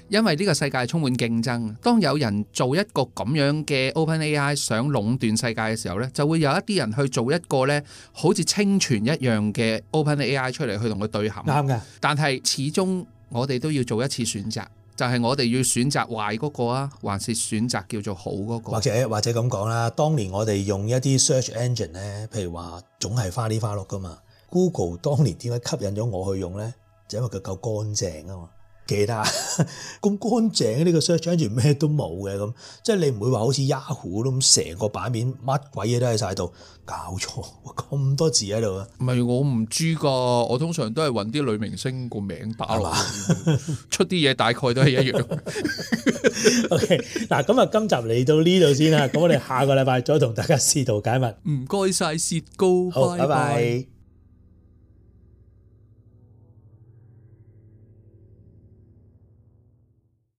因為呢個世界充滿競爭。當有人做一個咁樣嘅 Open AI 想壟斷世界嘅時候呢，就會有一啲人去做一個呢，好似清泉一樣嘅 Open AI 出嚟去同佢對合。啱嘅。但係始終我哋都要做一次選擇。就係我哋要選擇壞嗰個啊，還是選擇叫做好嗰個或？或者或者咁講啦，當年我哋用一啲 search engine 呢，譬如話總係花哩花碌㗎嘛。Google 當年點解吸引咗我去用呢？就因為佢夠乾淨啊嘛。其他咁乾淨呢個 search，整住咩都冇嘅咁，即係你唔會話好似 Yahoo 咁成個版面乜鬼嘢都喺晒度，搞錯咁多字喺度啊！唔係我唔知噶，我通常都係揾啲女明星個名打啦，吧出啲嘢大概都係一樣。OK，嗱咁啊，今集嚟到呢度先啦，咁我哋下個禮拜再同大家試圖解密。唔該晒，薛高拜拜。